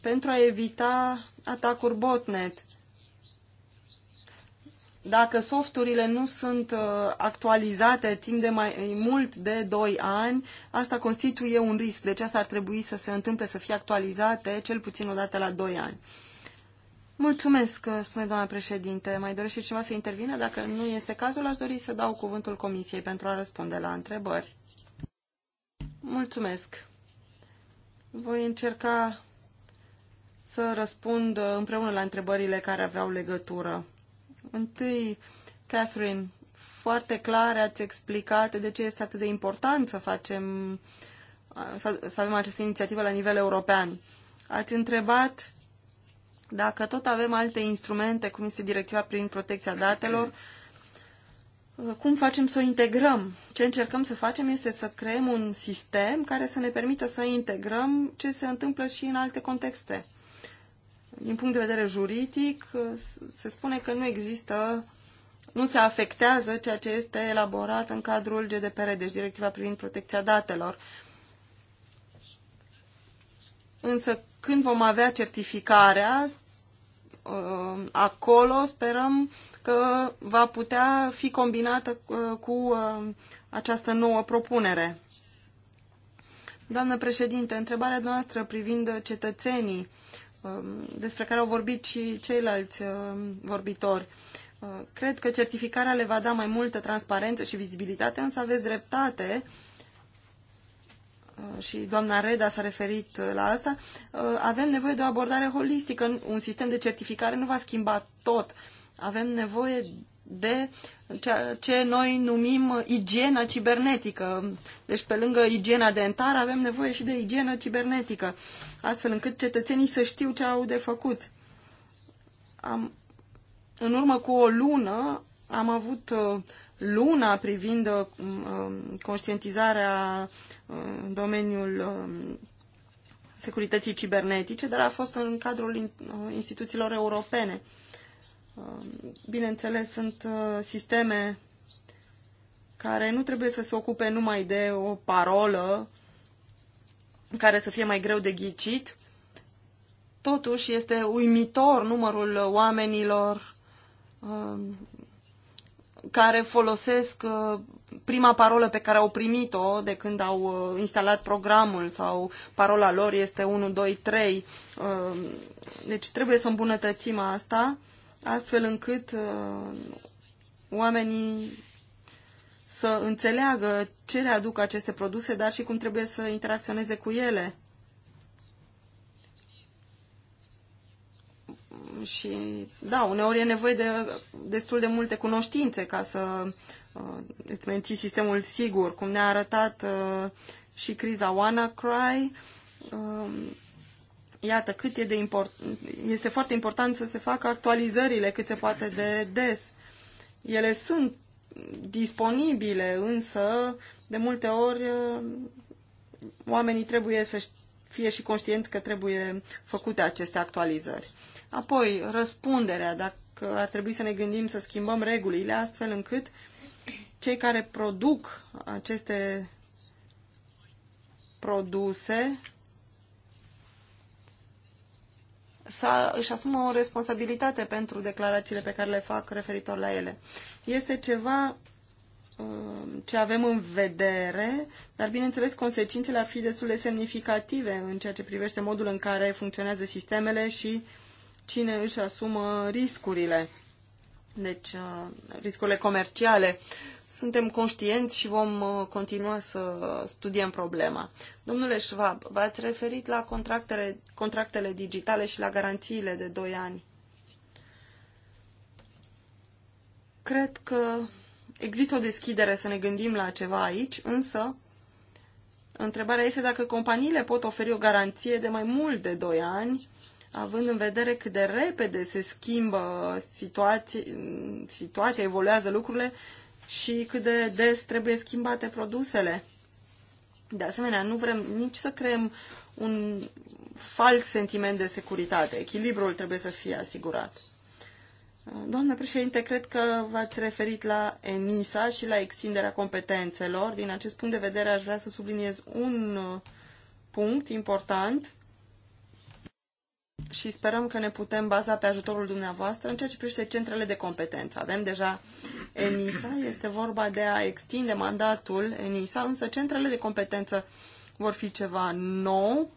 pentru a evita atacuri botnet. Dacă softurile nu sunt uh, actualizate timp de mai mult de 2 ani, asta constituie un risc. Deci asta ar trebui să se întâmple, să fie actualizate cel puțin o dată la 2 ani. Mulțumesc, uh, spune doamna președinte. Mai dorește cineva să intervină? Dacă nu este cazul, aș dori să dau cuvântul Comisiei pentru a răspunde la întrebări. Mulțumesc. Voi încerca să răspund uh, împreună la întrebările care aveau legătură. Întâi, Catherine, foarte clar ați explicat de ce este atât de important să facem uh, să avem această inițiativă la nivel european. Ați întrebat dacă tot avem alte instrumente, cum este directiva prin protecția datelor, cum facem să o integrăm? Ce încercăm să facem este să creăm un sistem care să ne permită să integrăm ce se întâmplă și în alte contexte. Din punct de vedere juridic, se spune că nu există, nu se afectează ceea ce este elaborat în cadrul GDPR, deci directiva privind protecția datelor. Însă când vom avea certificarea, uh, acolo sperăm că va putea fi combinată uh, cu uh, această nouă propunere. Doamnă președinte, întrebarea noastră privind cetățenii, um, despre care au vorbit și ceilalți vorbitori, cred că certificarea le va da mai multă transparență și vizibilitate, însă aveți dreptate Uh, și doamna Reda s-a referit uh, la asta, uh, avem nevoie de o abordare holistică. Un sistem de certificare nu va schimba tot. Avem nevoie de ceea ce noi numim igiena cibernetică. Deci pe lângă igiena dentară avem nevoie și de igienă cibernetică, astfel încât cetățenii să știu ce au de făcut. Am, în urmă cu o lună am avut luna privind uh, um, conștientizarea uh, în domeniul um, securității cibernetice, dar a fost în cadrul uh, instituțiilor europene. Um, bineînțeles, sunt sisteme care nu trebuie să se ocupe numai de o parolă care să fie mai greu de ghicit. Totuși, este uimitor numărul oamenilor care folosesc uh, prima parolă pe care au primit-o de când au uh, instalat programul sau parola lor este 1, 2, 3. Deci trebuie să îmbunătățim asta astfel încât uh, oamenii să înțeleagă ce le aduc aceste produse, dar și cum trebuie să interacționeze cu ele. și, da, uneori e nevoie de destul de multe cunoștințe ca să uh, îți menții sistemul sigur, cum ne-a arătat uh, și criza WannaCry. Uh, iată cât e de import, este foarte important să se facă actualizările cât se poate de des. Ele sunt disponibile, însă de multe ori uh, oamenii trebuie să fie și conștient că trebuie făcute aceste actualizări. Apoi, răspunderea, dacă ar trebui să ne gândim să schimbăm regulile astfel încât cei care produc aceste produse să își asumă o responsabilitate pentru declarațiile pe care le fac referitor la ele. Este ceva Um, ce avem în vedere, dar bineînțeles consecințele ar fi destul de semnificative în ceea ce privește modul în care funcționează sistemele și cine își asumă riscurile, deci uh, riscurile comerciale. Suntem conștienți și vom uh, continua să studiem problema. Domnule Schwab, v-ați referit la contractele, contractele digitale și la garanțiile de 2 ani. Cred că Există o deschidere să ne gândim la ceva aici, însă întrebarea este dacă companiile pot oferi o garanție de mai mult de 2 ani, având în vedere cât de repede se schimbă situația, situația evoluează lucrurile și cât de des trebuie schimbate produsele. De asemenea, nu vrem nici să creăm un fals sentiment de securitate. Echilibrul trebuie să fie asigurat. Doamnă președinte, cred că v-ați referit la ENISA și la extinderea competențelor. Din acest punct de vedere aș vrea să subliniez un uh, punct important și sperăm că ne putem baza pe ajutorul dumneavoastră în ceea ce privește centrele de competență. Avem deja ENISA, este vorba de a extinde mandatul ENISA, însă centrele de competență vor fi ceva nou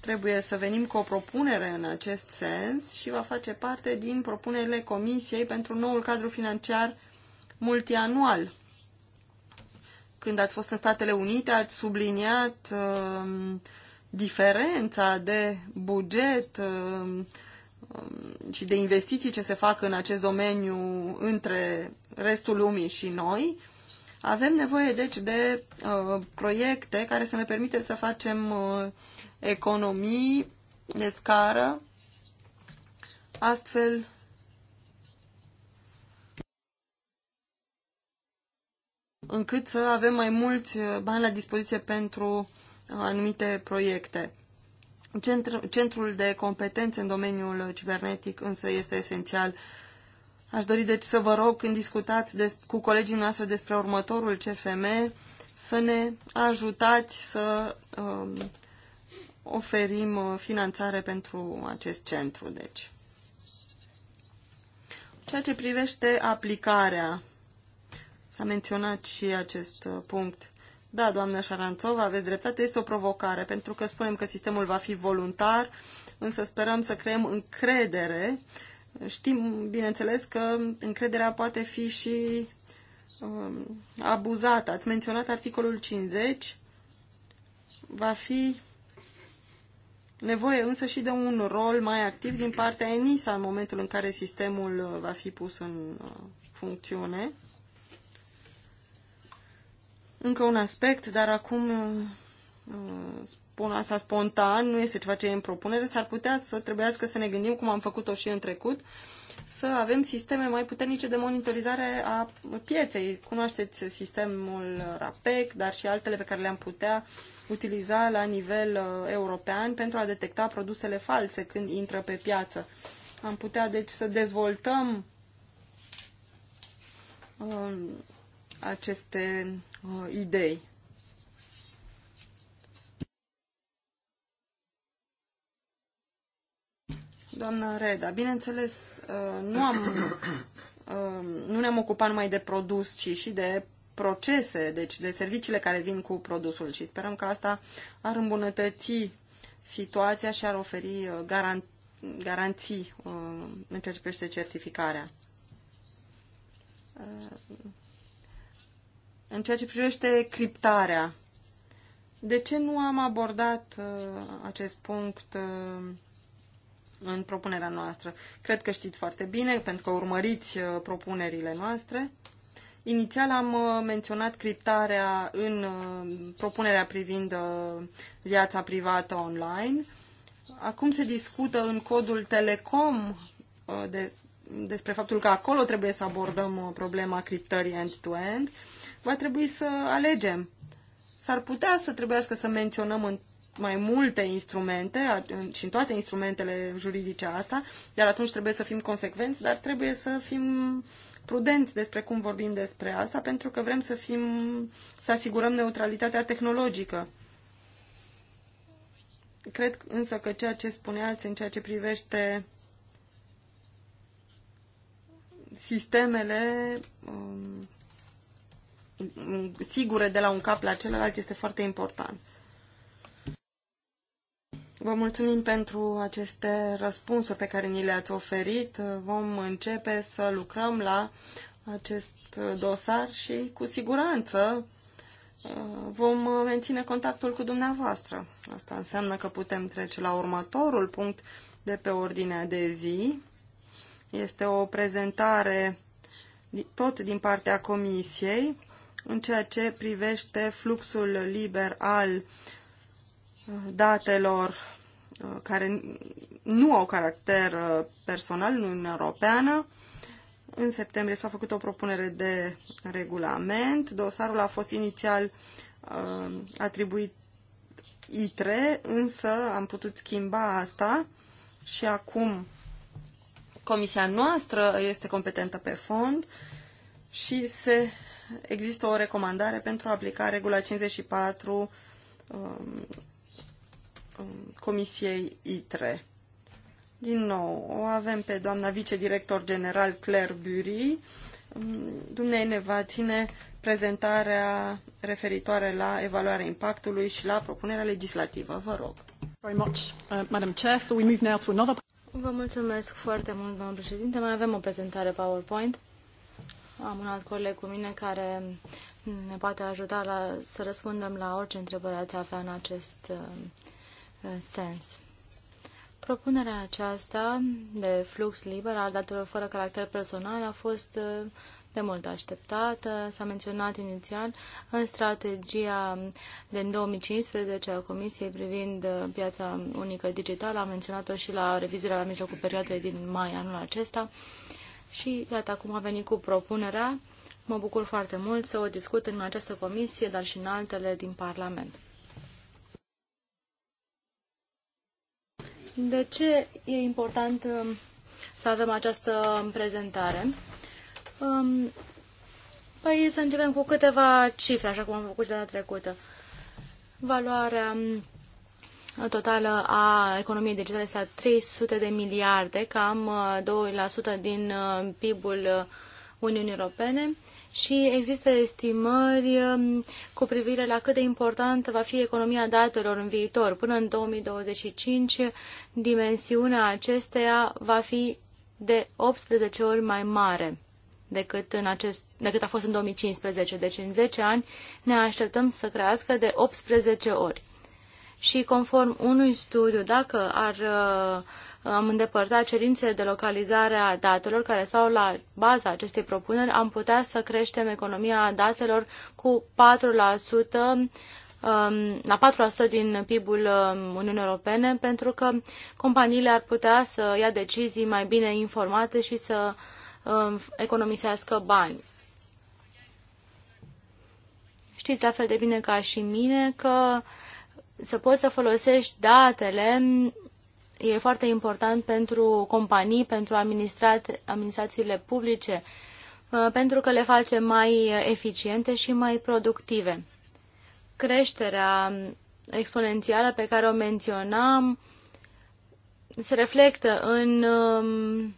Trebuie să venim cu o propunere în acest sens și va face parte din propunerile Comisiei pentru noul cadru financiar multianual. Când ați fost în Statele Unite, ați subliniat uh, diferența de buget uh, și de investiții ce se fac în acest domeniu între restul lumii și noi avem nevoie, deci, de uh, proiecte care să ne permite să facem uh, economii de scară, astfel încât să avem mai mulți uh, bani la dispoziție pentru uh, anumite proiecte. centrul de competențe în domeniul cibernetic însă este esențial uh, Aș dori deci să vă rog când discutați des, cu colegii noastre despre următorul CFM să ne ajutați să um, oferim uh, finanțare pentru acest centru. Deci. Ceea ce privește aplicarea, s-a menționat și acest uh, punct. Da, doamnă Șaranțov, aveți dreptate, este o provocare, pentru că spunem că sistemul va fi voluntar, însă sperăm să creăm încredere Știm, bineînțeles, că încrederea poate fi și um, abuzată. Ați menționat articolul 50. Va fi nevoie însă și de un rol mai activ din partea ENISA în momentul în care sistemul uh, va fi pus în uh, funcțiune. Încă un aspect, dar acum uh, spun asta spontan, nu este ceva ce e în propunere, s-ar putea să trebuiască să ne gândim, cum am făcut-o și în trecut, să avem sisteme mai puternice de monitorizare a pieței. Cunoașteți sistemul RAPEC, dar și altele pe care le-am putea utiliza la nivel uh, european pentru a detecta produsele false când intră pe piață. Am putea, deci, să dezvoltăm uh, aceste uh, idei. Doamna Reda, bineînțeles, uh, nu, am, uh, nu ne-am ocupat numai de produs, ci și de procese, deci de serviciile care vin cu produsul și sperăm că asta ar îmbunătăți situația și ar oferi uh, garan garanții în ceea ce privește certificarea. În ceea ce privește criptarea, de ce nu am abordat acest punct în propunerea noastră. Cred că știți foarte bine, pentru că urmăriți uh, propunerile noastre. Inițial am uh, menționat criptarea în uh, propunerea privind viața privată online. Acum se discută în codul Telecom despre faptul că acolo trebuie să abordăm problema criptării end-to-end. -end. Va trebui să alegem. S-ar putea să trebuiască să menționăm în mai multe instrumente și în toate instrumentele juridice asta, iar atunci trebuie să fim consecvenți, dar trebuie să fim prudenți despre cum vorbim despre asta, pentru că vrem să fim, să asigurăm neutralitatea tehnologică. Cred însă că ceea ce spuneați în ceea ce privește sistemele um, sigure de la un cap la celălalt este foarte important. Vă mulțumim pentru aceste răspunsuri pe care ni le-ați oferit. Vom începe să lucrăm la acest dosar și cu siguranță vom menține contactul cu dumneavoastră. Asta înseamnă că putem trece la următorul punct de pe ordinea de zi. Este o prezentare tot din partea Comisiei în ceea ce privește fluxul liber al uh, datelor uh, care nu au caracter uh, personal în Uniunea Europeană. În septembrie s-a făcut o propunere de regulament. Dosarul a fost inițial uh, atribuit ITRE, însă am putut schimba asta și acum comisia noastră este competentă pe fond și se, există o recomandare pentru a aplica regula 54 Um, Comisiei ITRE. Din nou, o avem pe doamna vicedirector general Claire Bury. Um, dumnei ne va ține prezentarea referitoare la evaluarea impactului și la propunerea legislativă. Vă rog. Uh, Vă mulțumesc foarte mult, doamnă președinte. Mai avem o prezentare PowerPoint. Am un alt coleg cu mine care ne poate ajuta la, să răspundem la orice întrebări ați avea în acest uh, Uh, sens. Propunerea aceasta de flux liber al datelor fără caracter personal a fost uh, de mult așteptată, s-a menționat inițial în strategia din 2015 a Comisiei privind uh, piața unică digitală, am menționat-o și la revizuirea la mijlocul perioadei din mai anul acesta și iată acum a venit cu propunerea. Mă bucur foarte mult să o discut în această comisie, dar și în altele din Parlament. De ce e important um, să avem această um, prezentare? Um, păi să începem cu câteva cifre, așa cum am făcut și data trecută. Valoarea totală a economiei digitale este a 300 de miliarde, cam 2% uh, din uh, PIB-ul uh, Uniunii Europene și există estimări um, cu privire la cât de importantă va fi economia datelor în viitor. Până în 2025, dimensiunea acesteia va fi de 18 ori mai mare decât, în acest, decât a fost în 2015. Deci în 10 ani ne așteptăm să crească de 18 ori. Și conform unui studiu, dacă ar uh, am îndepărtat cerințele de localizare a datelor care stau la baza acestei propuneri, am putea să creștem economia datelor cu 4% la 4% um, din PIB-ul um, Uniunii Europene, pentru că companiile ar putea să ia decizii mai bine informate și să um, economisească bani. Știți la fel de bine ca și mine că să poți să folosești datele e foarte important pentru companii, pentru administrațiile publice, uh, pentru că le face mai eficiente și mai productive. Creșterea exponențială pe care o menționam se reflectă în um,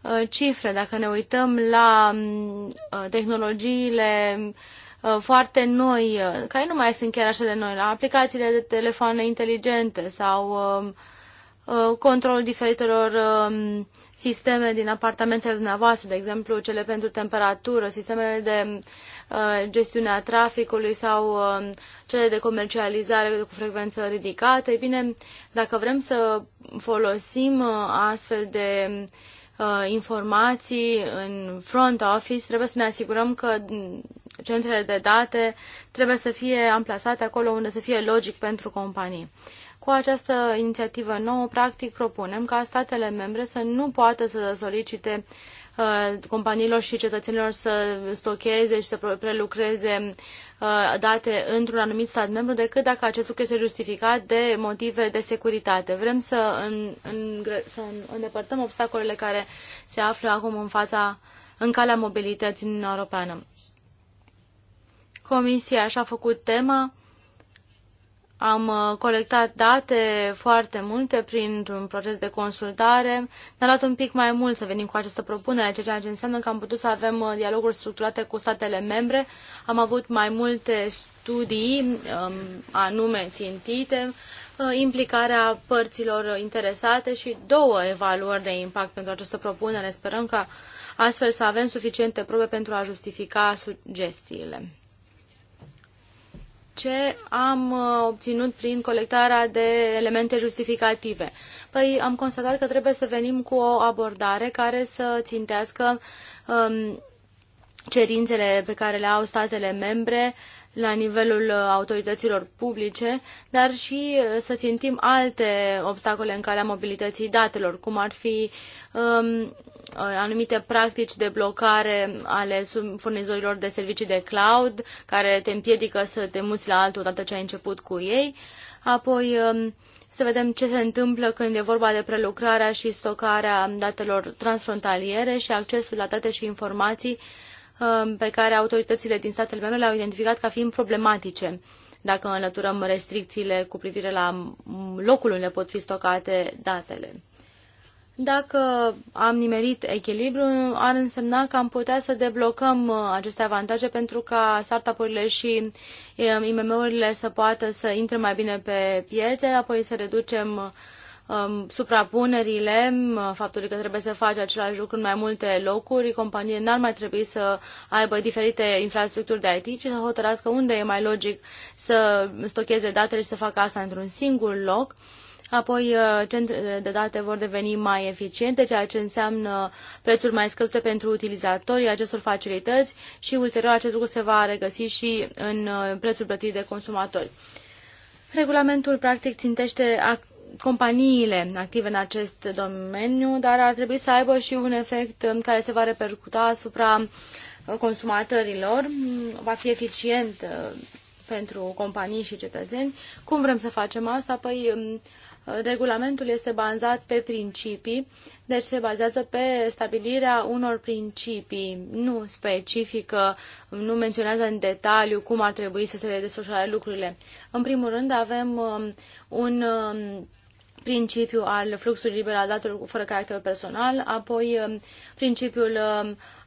uh, cifre. Dacă ne uităm la um, uh, tehnologiile foarte noi, care nu mai sunt chiar așa de noi, la aplicațiile de telefoane inteligente sau uh, Uh, controlul diferitelor um, sisteme din apartamentele dumneavoastră, de exemplu cele pentru temperatură, sistemele de uh, gestiune a traficului sau um, cele de comercializare cu frecvență ridicată. Ei bine, dacă vrem să folosim uh, astfel de informații în front office, trebuie să ne asigurăm că mm, centrele de date trebuie să fie amplasate acolo unde să fie logic pentru companie. Cu această inițiativă nouă, practic, propunem ca statele membre să nu poată să solicite uh, companiilor și cetățenilor să stocheze și să prelucreze uh, date într-un anumit stat membru decât dacă acest lucru este justificat de motive de securitate. Vrem să, în, în, să îndepărtăm obstacolele care se află acum în fața în calea mobilității în Europeană. Comisia și-a făcut tema am uh, colectat date foarte multe printr-un proces de consultare. Ne-a luat un pic mai mult să venim cu această propunere, ceea ce înseamnă că am putut să avem uh, dialoguri structurate cu statele membre. Am avut mai multe studii um, anume țintite, uh, implicarea părților interesate și două evaluări de impact pentru această propunere. Sperăm că astfel să avem suficiente probe pentru a justifica sugestiile ce am uh, obținut prin colectarea de elemente justificative? Păi am constatat că trebuie să venim cu o abordare care să țintească um, cerințele pe care le au statele membre la nivelul uh, autorităților publice, dar și uh, să țintim alte obstacole în calea mobilității datelor, cum ar fi um, Uh, anumite practici de blocare ale furnizorilor de servicii de cloud, care te împiedică să te muți la altul odată ce ai început cu ei. Apoi um, să vedem ce se întâmplă când e vorba de prelucrarea și stocarea datelor transfrontaliere și accesul la date și informații um, pe care autoritățile din statele membre le-au identificat ca fiind problematice dacă înlăturăm restricțiile cu privire la locul unde pot fi stocate datele. Dacă am nimerit echilibru, ar însemna că am putea să deblocăm uh, aceste avantaje pentru ca startup-urile și um, IMM-urile să poată să intre mai bine pe piețe, apoi să reducem um, suprapunerile, uh, faptului că trebuie să faci același lucru în mai multe locuri, companiile n-ar mai trebui să aibă diferite infrastructuri de IT, ci să hotărască unde e mai logic să stocheze datele și să facă asta într-un singur loc apoi uh, centrele de date vor deveni mai eficiente, ceea ce înseamnă prețuri mai scăzute pentru utilizatorii acestor facilități și ulterior acest lucru se va regăsi și în uh, prețul plătit de consumatori. Regulamentul practic țintește companiile active în acest domeniu, dar ar trebui să aibă și un efect în um, care se va repercuta asupra uh, consumatorilor, va fi eficient pentru companii și cetățeni. Cum vrem să facem asta? Păi um, Regulamentul este bazat pe principii, deci se bazează pe stabilirea unor principii, nu specifică, nu menționează în detaliu cum ar trebui să se desfășoare lucrurile. În primul rând avem um, un um, principiu al fluxului liber al datelor fără caracter personal, apoi um, principiul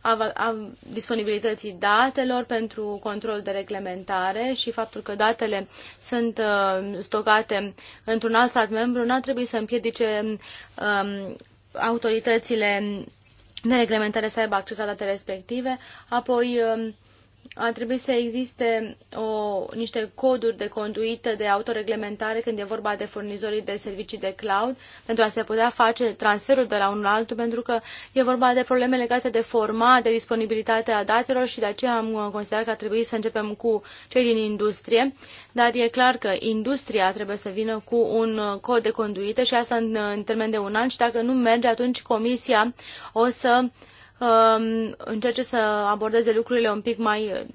a, disponibilității datelor pentru control de reglementare și faptul că datele sunt uh, stocate într-un alt stat membru nu ar trebui să împiedice um, autoritățile de reglementare să aibă acces la datele respective. Apoi, um, ar trebui să existe o, niște coduri de conduită, de autoreglementare când e vorba de furnizorii de servicii de cloud, pentru a se putea face transferul de la unul la altul, pentru că e vorba de probleme legate de format, de disponibilitatea datelor și de aceea am uh, considerat că ar trebui să începem cu cei din industrie, dar e clar că industria trebuie să vină cu un uh, cod de conduită și asta în, uh, în termen de un an și dacă nu merge, atunci comisia o să uh, Um, încerce să abordeze lucrurile un pic mai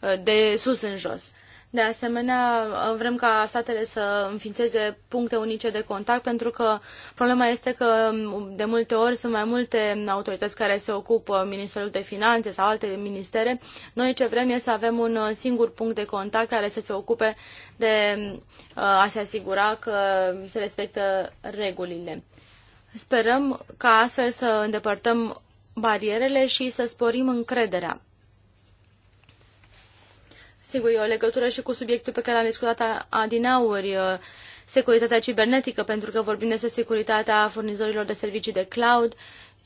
uh, de sus în jos. De asemenea, uh, vrem ca statele să înființeze puncte unice de contact, pentru că problema este că um, de multe ori sunt mai multe autorități care se ocupă, uh, Ministerul de Finanțe sau alte ministere. Noi ce vrem este să avem un singur punct de contact care să se ocupe de um, a se asigura că se respectă regulile. Sperăm ca astfel să îndepărtăm barierele și să sporim încrederea. Sigur, e o legătură și cu subiectul pe care l-am discutat adinauri, uh, securitatea cibernetică, pentru că vorbim despre securitatea furnizorilor de servicii de cloud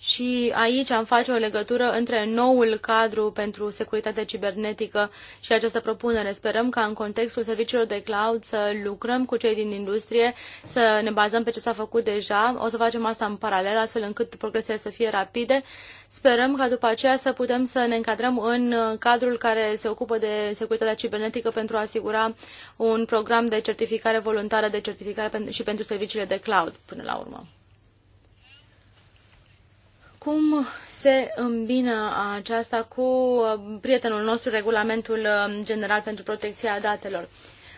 și aici am face o legătură între noul cadru pentru securitate cibernetică și această propunere. Sperăm ca în contextul serviciilor de cloud să lucrăm cu cei din industrie, să ne bazăm pe ce s-a făcut deja. O să facem asta în paralel, astfel încât progresele să fie rapide. Sperăm ca după aceea să putem să ne încadrăm în cadrul care se ocupă de securitatea cibernetică pentru a asigura un program de certificare voluntară de certificare și pentru serviciile de cloud până la urmă cum se îmbină aceasta cu uh, prietenul nostru, regulamentul um, general pentru protecția datelor?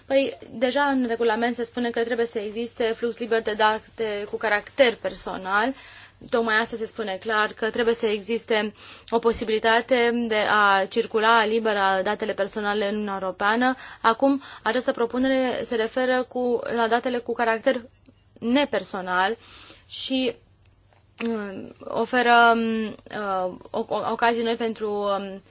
Păi, deja în regulament se spune că trebuie să existe flux liber de date cu caracter personal. Tocmai asta se spune clar, că trebuie să existe o posibilitate de a circula liber datele personale în Uniunea Europeană. Acum, această propunere se referă cu, la datele cu caracter nepersonal și Mm, oferă mm, uh, ocazii noi pentru um,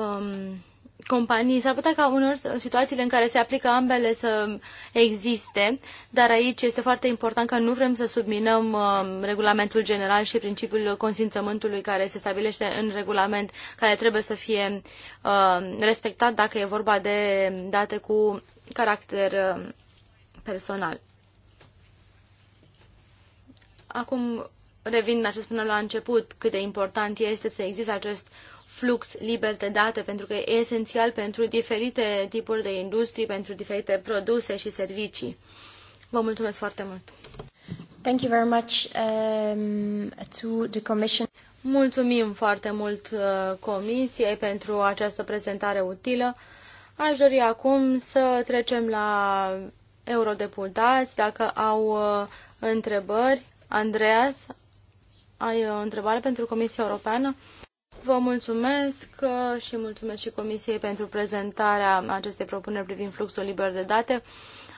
um, companii. S-ar putea ca unor situațiile în care se aplică ambele să existe, dar aici este foarte important că nu vrem să subminăm um, regulamentul general și principiul consimțământului care se stabilește în regulament, care trebuie să fie um, respectat dacă e vorba de date cu caracter um, personal. Acum revin la ce spuneam la început, cât de important este să existe acest flux liber de date, pentru că e esențial pentru diferite tipuri de industrie, pentru diferite produse și servicii. Vă mulțumesc foarte mult! Thank you very much um, to the Commission. Mulțumim foarte mult uh, Comisiei pentru această prezentare utilă. Aș dori acum să trecem la eurodeputați, dacă au uh, întrebări. Andreas, ai o întrebare pentru Comisia Europeană? Vă mulțumesc uh, și mulțumesc și Comisiei pentru prezentarea acestei propuneri privind fluxul liber de date.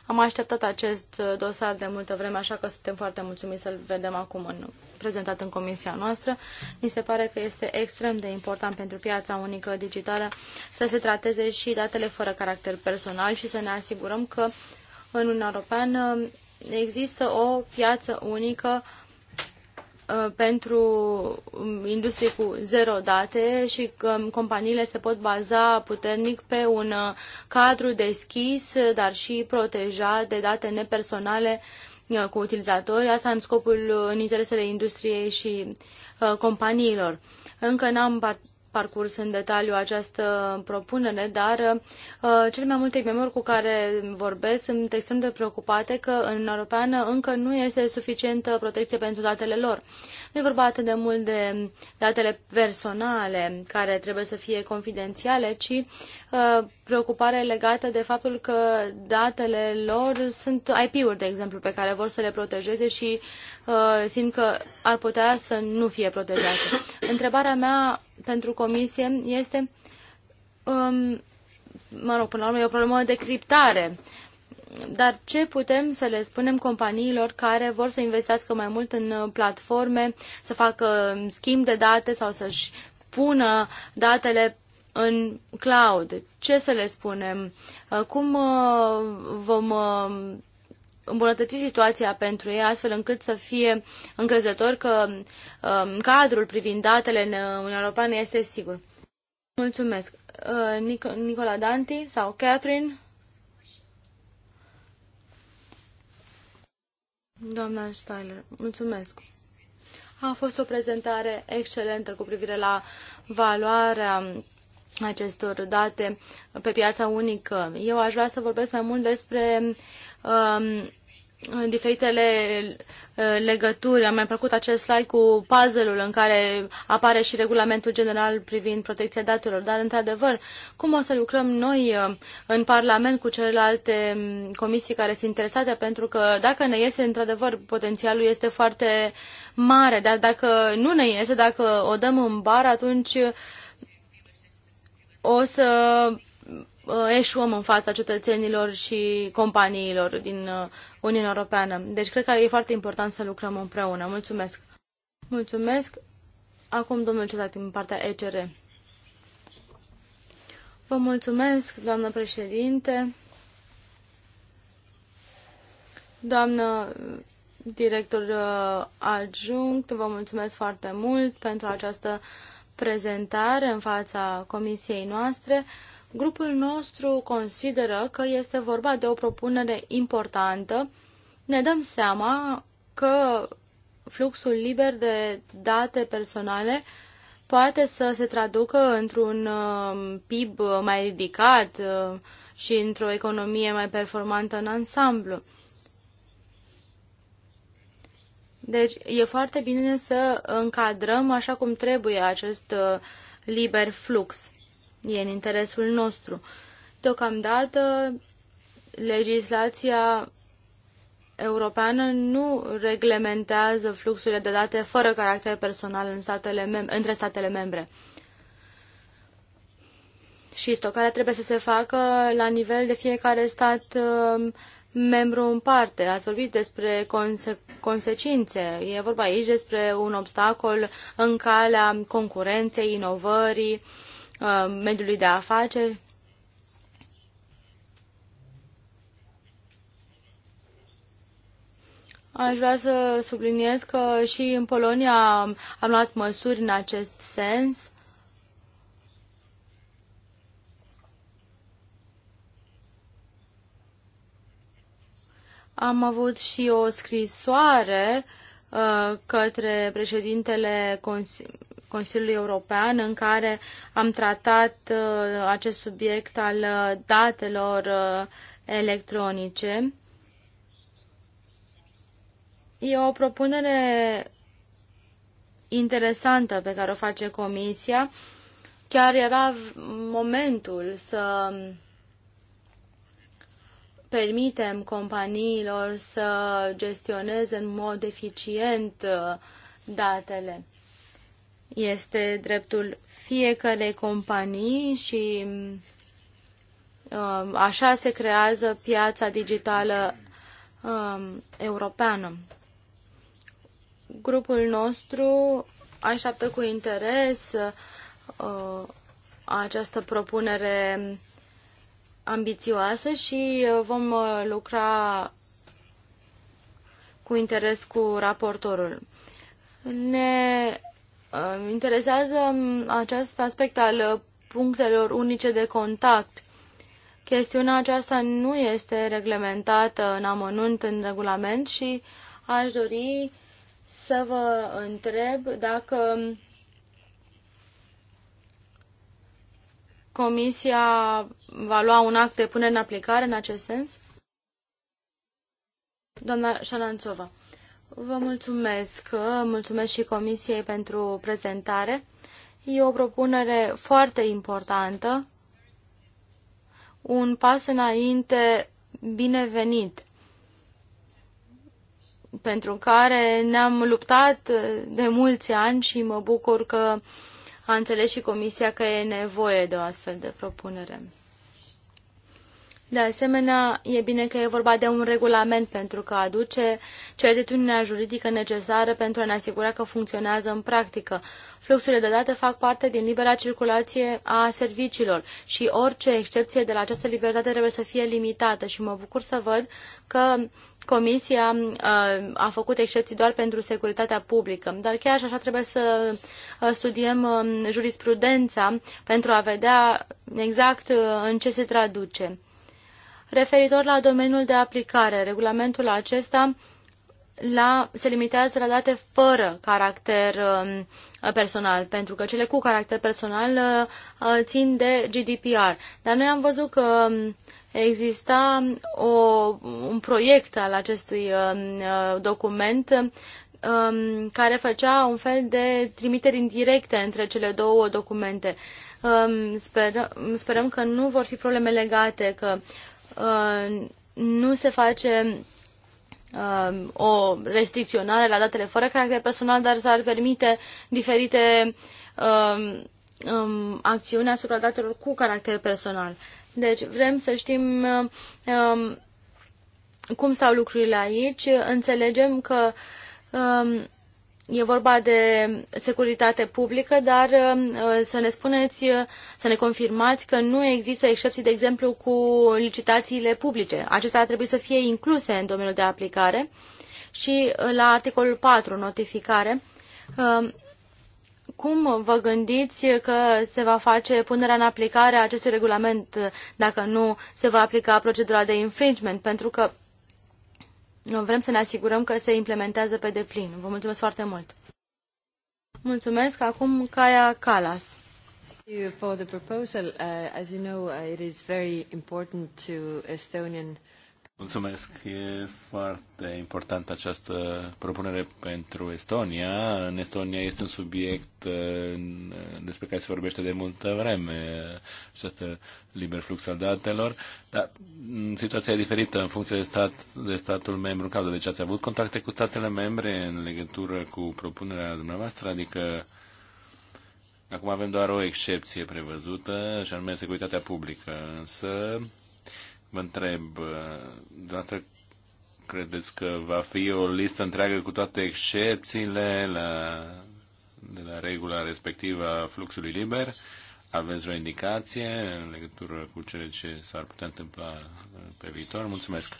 Am așteptat acest uh, dosar de multă vreme, așa că suntem foarte mulțumiți să-l vedem acum în, prezentat în comisia noastră. Mi se pare că este extrem de important pentru piața unică digitală să se trateze și datele fără caracter personal și să ne asigurăm că în Uniunea Europeană există o piață unică uh, pentru um, industrie cu zero date și că um, companiile se pot baza puternic pe un uh, cadru deschis, dar și protejat de date nepersonale uh, cu utilizatori, asta în scopul, în interesele industriei și companiilor. Încă n-am parcurs în detaliu această propunere, dar uh, cele mai multe imm cu care vorbesc sunt extrem de preocupate că în Europeană încă nu este suficientă protecție pentru datele lor. Nu e vorba atât de mult de datele personale care trebuie să fie confidențiale, ci uh, preocupare legată de faptul că datele lor sunt IP-uri, de exemplu, pe care vor să le protejeze și uh, simt că ar putea să nu fie protejate. Întrebarea mea pentru comisie este, um, mă rog, până la urmă e o problemă de criptare, dar ce putem să le spunem companiilor care vor să investească mai mult în uh, platforme, să facă um, schimb de date sau să-și pună datele în cloud, ce să le spunem, uh, cum uh, vom uh, îmbunătăți situația pentru ei astfel încât să fie încrezător că um, cadrul privind datele în Uniunea Europeană este sigur. Mulțumesc. Nicola Danti sau Catherine? Doamna Steiler, mulțumesc. A fost o prezentare excelentă cu privire la valoarea acestor date pe piața unică. Eu aș vrea să vorbesc mai mult despre um, diferitele uh, legături. Am mai plăcut acest slide cu puzzle-ul în care apare și regulamentul general privind protecția datelor, dar într-adevăr, cum o să lucrăm noi uh, în Parlament cu celelalte um, comisii care sunt interesate, pentru că dacă ne iese, într-adevăr, potențialul este foarte mare, dar dacă nu ne iese, dacă o dăm în bar, atunci o să uh, eșuăm în fața cetățenilor și companiilor din uh, Uniunea Europeană. Deci cred că e foarte important să lucrăm împreună. Mulțumesc! Mulțumesc! Acum domnul Cezat din partea ECR. Vă mulțumesc, doamnă președinte, doamnă director uh, adjunct, vă mulțumesc foarte mult pentru această uh, prezentare în fața comisiei noastre, grupul nostru consideră că este vorba de o propunere importantă. Ne dăm seama că fluxul liber de date personale poate să se traducă într-un uh, PIB mai ridicat uh, și într-o economie mai performantă în ansamblu. Deci e foarte bine să încadrăm așa cum trebuie acest uh, liber flux. E în interesul nostru. Deocamdată legislația europeană nu reglementează fluxurile de date fără caracter personal în statele între statele membre. Și stocarea trebuie să se facă la nivel de fiecare stat uh, membru în parte. Ați vorbit despre conse- consecințe. E vorba aici despre un obstacol în calea concurenței, inovării, uh, mediului de afaceri. Aș vrea să subliniez că și în Polonia am luat măsuri în acest sens Am avut și o scrisoare uh, către președintele Consiliului European în care am tratat uh, acest subiect al uh, datelor electronice. E o propunere interesantă pe care o face Comisia. Chiar era momentul să permitem companiilor să gestioneze în mod eficient uh, datele. Este dreptul fiecarei companii și uh, așa se creează piața digitală um, europeană. Grupul nostru așteaptă cu interes uh, această propunere ambițioasă și uh, vom uh, lucra cu interes cu raportorul. Ne uh, interesează um, acest aspect al punctelor unice de contact. Chestiunea aceasta nu este reglementată în amănunt în regulament și aș dori să vă întreb dacă um, Comisia va lua un act de punere în aplicare în acest sens? Doamna Șalanțova, vă mulțumesc, mulțumesc și Comisiei pentru prezentare. E o propunere foarte importantă, un pas înainte binevenit, pentru care ne-am luptat de mulți ani și mă bucur că uh, a înțeles și Comisia că e nevoie de o astfel de propunere. De asemenea, e bine că e vorba de un regulament pentru că aduce certitudinea juridică necesară pentru a ne asigura că funcționează în practică. Fluxurile de date fac parte din libera circulație a serviciilor și orice excepție de la această libertate trebuie să fie limitată și mă bucur să văd că Comisia uh, a făcut excepții doar pentru securitatea publică, dar chiar și așa trebuie să uh, studiem um, jurisprudența pentru a vedea exact uh, în ce se traduce. Referitor la domeniul de aplicare, regulamentul acesta la, se limitează la date fără caracter um, personal, pentru că cele cu caracter personal țin de GDPR. Dar noi am văzut că um, exista o, un proiect al acestui um, uh, document um, care făcea un fel de trimiteri indirecte între cele două documente. Um, sper, sperăm că nu vor fi probleme legate, că uh, nu se face uh, o restricționare la datele fără caracter personal, dar s-ar permite diferite uh, um, acțiuni asupra datelor cu caracter personal. Uh, deci vrem să știm um, cum stau lucrurile aici. Înțelegem că um, e vorba de securitate publică, dar um, să ne spuneți, să ne confirmați că nu există excepții, de exemplu, cu licitațiile publice. Acestea ar trebui să fie incluse în domeniul de aplicare. Și la articolul 4, notificare, um, cum vă gândiți că se va face punerea în aplicare a acestui regulament dacă nu se va aplica procedura de infringement? Pentru că vrem să ne asigurăm că se implementează pe deplin. Vă mulțumesc foarte mult! Mulțumesc. Acum Caia Calas. for the proposal. Uh, as you know, uh, it is very important to Estonian Mulțumesc. E foarte importantă această propunere pentru Estonia. În Estonia este un subiect uh, uh, despre care se vorbește de multă vreme, uh, acest liber flux al datelor, dar mm, situația e diferită în funcție de, stat, de statul membru în cauză. Deci ați avut contacte cu statele membre în legătură cu propunerea dumneavoastră, adică acum avem doar o excepție prevăzută, și anume securitatea publică, însă vă întreb, dată credeți că va fi o listă întreagă cu toate excepțiile la, de la regula respectivă a fluxului liber? Aveți o indicație în legătură cu cele ce s-ar putea întâmpla uh, pe viitor? Mulțumesc.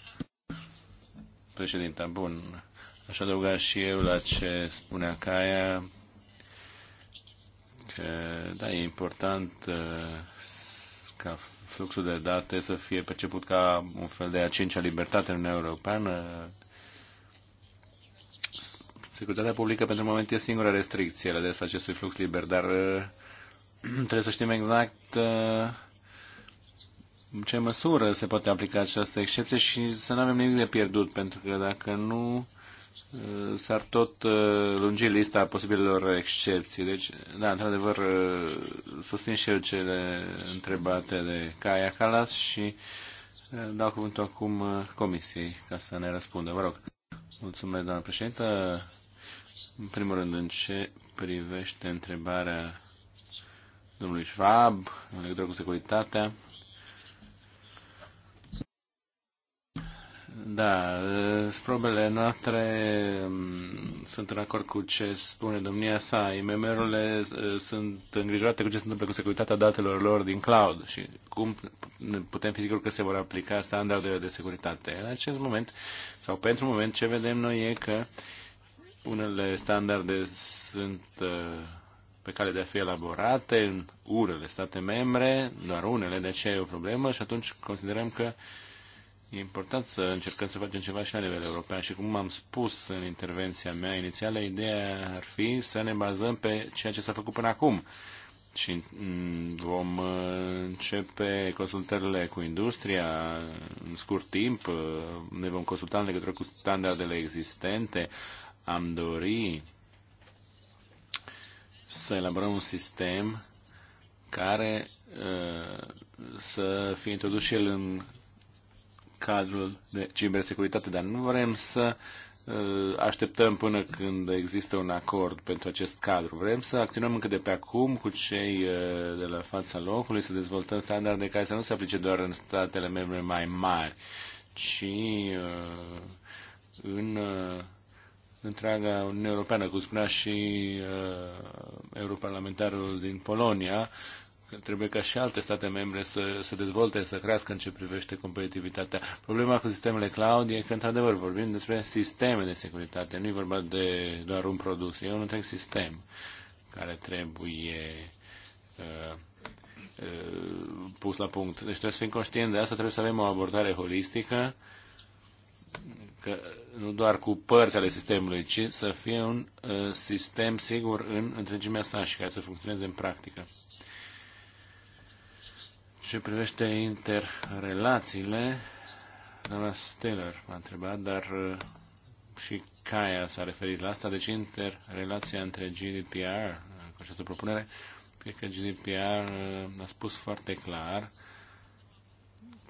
președinte bun. Aș adăuga și eu la ce spunea Caia, că da, e important uh, ca fluxul de date să fie perceput ca un fel de a cincea libertate în Uniunea Europeană. Securitatea publică pentru moment e singura restricție la des acestui flux liber, dar uh, trebuie să știm exact uh, în ce măsură se poate aplica această excepție și să nu avem nimic de pierdut, pentru că dacă nu s-ar tot uh, lungi lista posibilelor excepții. Deci, da, într-adevăr, uh, susțin și eu cele întrebate de Caia Calas și uh, dau cuvântul acum Comisiei ca să ne răspundă. Vă rog. Mulțumesc, doamnă președintă. În primul rând, în ce privește întrebarea domnului Schwab în legătură cu securitatea, Da, probele noastre mm, sunt în acord cu ce spune domnia sa. IMM-urile sunt îngrijorate cu ce se întâmplă cu securitatea datelor lor din cloud și cum putem fi sigur că se vor aplica standardele de securitate. În acest moment, sau pentru moment, ce vedem noi e că unele standarde sunt uh, pe care de a fi elaborate în urele state membre, doar unele, de aceea e o problemă și atunci considerăm că uh, E important să încercăm să facem ceva și la nivel european și cum am spus în intervenția mea inițială, ideea ar fi să ne bazăm pe ceea ce s-a făcut până acum și mm, vom uh, începe consultările cu industria în scurt timp, uh, ne vom consulta în legătură cu standardele existente, am dori să elaborăm un sistem care uh, să fie introdus și el în cadrul de cibersecuritate, dar nu vrem să uh, așteptăm până când există un acord pentru acest cadru. Vrem să acționăm încă de pe acum cu cei uh, de la fața locului, să dezvoltăm standarde care să nu se aplice doar în statele membre mai mari, ci uh, în întreaga Uniune Europeană, cum spunea și europarlamentarul din Polonia, trebuie ca și alte state membre să, se dezvolte, să crească în ce privește competitivitatea. Problema cu sistemele cloud e că, într-adevăr, vorbim despre sisteme de securitate, nu e vorba de doar un produs, e un întreg sistem care trebuie uh, uh, pus la punct. Deci trebuie să fim conștienți de asta, trebuie să avem o abordare holistică, că nu doar cu părți ale sistemului, ci să fie un uh, sistem sigur în întregimea sa și care să funcționeze în practică ce privește interrelațiile, doamna Steller m-a întrebat, dar uh, și Caia s-a referit la asta, deci interrelația între GDPR uh, cu această propunere, cred că GDPR uh, a spus foarte clar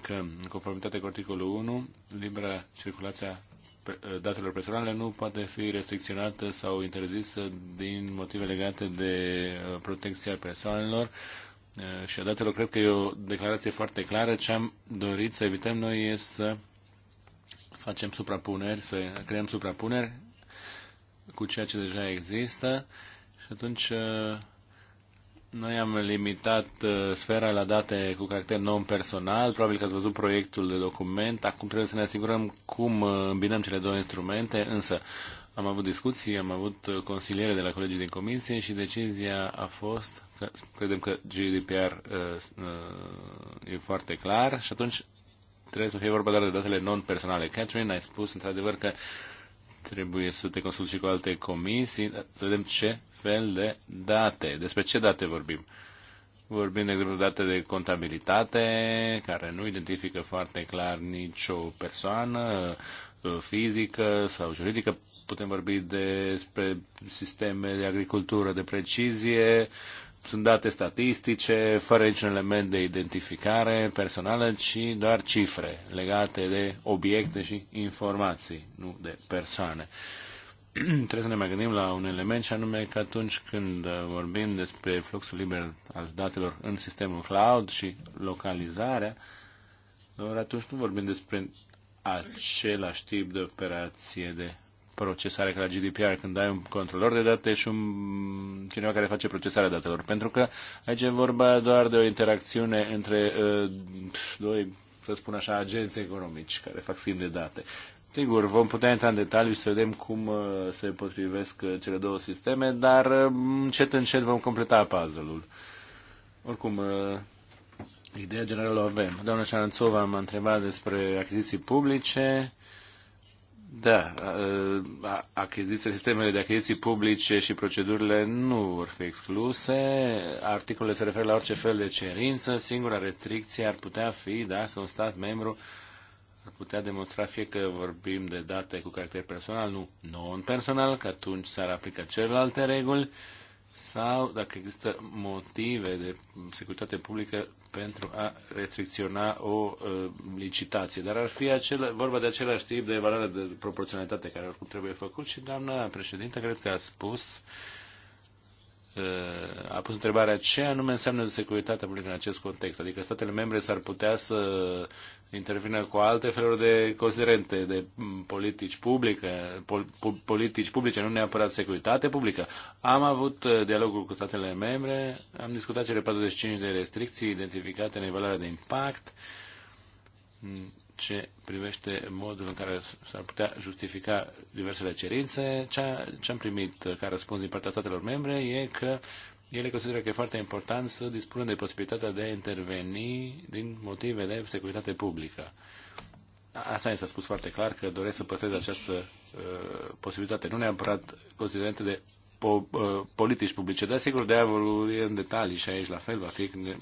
că, în conformitate cu articolul 1, libera circulația datelor personale nu poate fi restricționată sau interzisă din motive legate de protecția persoanelor și a datelor, cred că e o declarație foarte clară. Ce am dorit să evităm noi e să facem suprapuneri, să creăm suprapuneri cu ceea ce deja există și atunci noi am limitat uh, sfera la date cu caracter non-personal. Probabil că ați văzut proiectul de document. Acum trebuie să ne asigurăm cum uh, îmbinăm cele două instrumente, însă am avut discuții, am avut uh, consiliere de la colegii din comisie și decizia a fost Credem că GDPR uh, uh, e foarte clar și atunci trebuie să fie vorba doar de datele non-personale. Catherine, ai spus într-adevăr că trebuie să te consulti și cu alte comisii, să vedem ce fel de date, despre ce date vorbim. Vorbim, de exemplu, date de contabilitate, care nu identifică foarte clar nicio persoană uh, fizică sau juridică. Putem vorbi despre sisteme de agricultură de precizie, sunt date statistice, fără niciun element de identificare personală, ci doar cifre legate de obiecte și informații, nu de persoane. Trebuie să ne mai gândim la un element și anume că atunci când vorbim despre fluxul liber al datelor în sistemul cloud și localizarea, doar atunci nu vorbim despre același tip de operație de procesare ca la GDPR, când ai un controlor de date și un, cineva care face procesarea datelor. Pentru că aici e vorba doar de o interacțiune între uh, doi, să spun așa, agenți economici care fac schimb de date. Sigur, vom putea intra în detaliu și să vedem cum uh, se potrivesc uh, cele două sisteme, dar uh, încet încet vom completa puzzle-ul. Oricum, ideea generală o avem. Doamna Șaranțova m-a întrebat despre achiziții publice. Da, achiziția, sistemele de achiziții publice și procedurile nu vor fi excluse. Articolele se referă la orice fel de cerință. Singura restricție ar putea fi dacă un stat membru ar putea demonstra fie că vorbim de date cu caracter personal, nu non-personal, că atunci s-ar aplica celelalte reguli sau dacă există motive de securitate publică pentru a restricționa o uh, licitație. Dar ar fi acela, vorba de același tip de evaluare de proporționalitate care oricum trebuie făcut și doamna președintă cred că a spus uh, a pus întrebarea ce anume înseamnă securitatea publică în acest context. Adică statele membre s-ar putea să intervină cu alte feluri de considerente, de politici publice, pol, politici publice, nu neapărat securitate publică. Am avut uh, dialogul cu statele membre, am discutat cele 45 de restricții identificate în evaluarea de impact ce privește modul în care s-ar putea justifica diversele cerințe, ce am primit ca răspuns din partea statelor membre e că ele consideră că e foarte important să dispună de posibilitatea de a interveni din motive de securitate publică. Asta s-a spus foarte clar că doresc să păstreze această uh, posibilitate, nu neapărat considerente de po- uh, politici publice. Dar sigur, de e în detalii și aici la fel va fi când,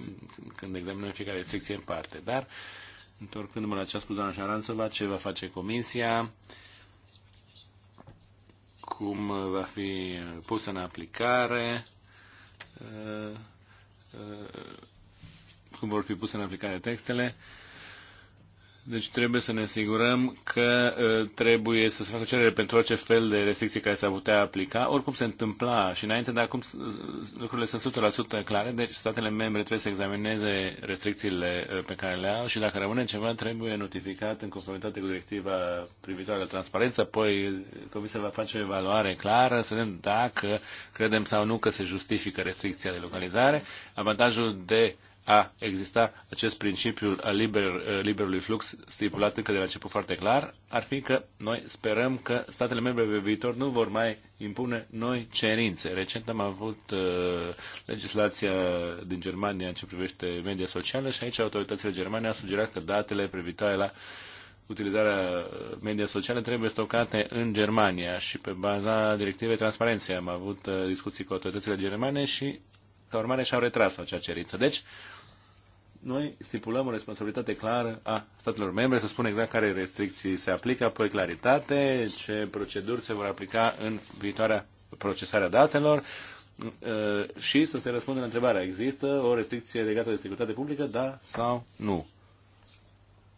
când examinăm fiecare secție în parte. Dar uh, Întorcându-mă la ce a spus doamna Șaranțova, ce va face Comisia, cum va fi pusă în aplicare, uh, uh, cum vor fi puse în aplicare textele. Deci trebuie să ne asigurăm că uh, trebuie să se facă cerere pentru orice fel de restricții care s-ar putea aplica, oricum se întâmpla și înainte, dar acum lucrurile sunt 100% clare, deci statele membre trebuie să examineze restricțiile uh, pe care le au și dacă rămâne ceva trebuie notificat în conformitate cu directiva privitoare la transparență, apoi uh, Comisia va face o evaluare clară să vedem dacă credem sau nu că se justifică restricția de localizare. Avantajul de a exista acest principiu al liber, eh, liberului flux stipulat încă de la început foarte clar, ar fi că noi sperăm că statele membre pe viitor nu vor mai impune noi cerințe. Recent am avut uh, legislația din Germania în ce privește media socială și aici autoritățile germane au sugerat că datele privitoare la utilizarea eh, media socială trebuie stocate în Germania și pe baza directivei transparenței am avut discuții cu autoritățile germane și ca urmare și-au retras acea cerință. Deci, noi stipulăm o responsabilitate clară a statelor membre să spună exact care restricții se aplică, apoi claritate, ce proceduri se vor aplica în viitoarea a datelor uh, și să se răspundă la întrebarea, există o restricție legată de securitate publică, da sau nu?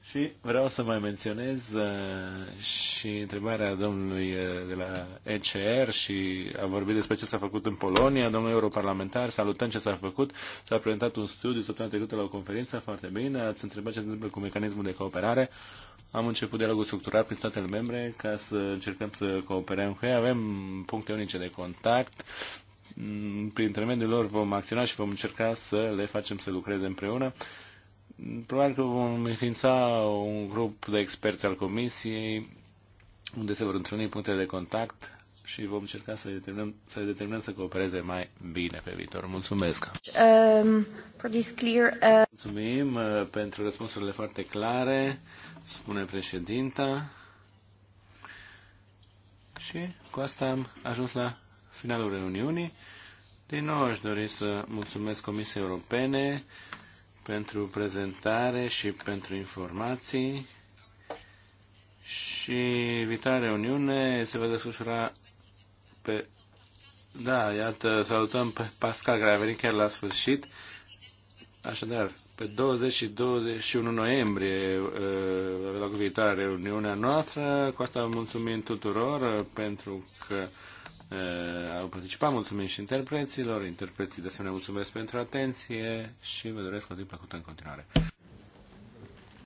Și vreau să mai menționez uh, și întrebarea domnului uh, de la ECR și a vorbit despre ce s-a făcut în Polonia, domnul europarlamentar, salutăm ce s-a făcut, s-a prezentat un studiu săptămâna trecută la o conferință, foarte bine, ați întrebat ce se întâmplă cu mecanismul de cooperare, am început dialogul structurat prin statele membre ca să încercăm să cooperăm cu ei, avem puncte unice de contact, mm, prin intermediul lor vom acționa și vom încerca să le facem să lucreze împreună probabil că vom înființa un grup de experți al Comisiei unde se vor întâlni puncte de contact și vom încerca să determinăm să, determinăm să coopereze mai bine pe viitor. Mulțumesc! Um, for this clear, uh... Mulțumim uh, pentru răspunsurile foarte clare, spune președinta. Și cu asta am ajuns la finalul reuniunii. Din nou aș dori să mulțumesc Comisiei Europene, pentru prezentare și pentru informații și viitoarea Uniune se va desfășura pe... Da, iată, salutăm pe Pascal care a venit chiar la sfârșit. Așadar, pe 20 și 21 noiembrie uh, avea loc viitoarea reuniunea noastră. Cu asta mulțumim tuturor uh, pentru că Eh, au participat. Mulțumim și interpreților. Interpreții de asemenea mulțumesc pentru atenție și vă doresc o zi plăcută în continuare.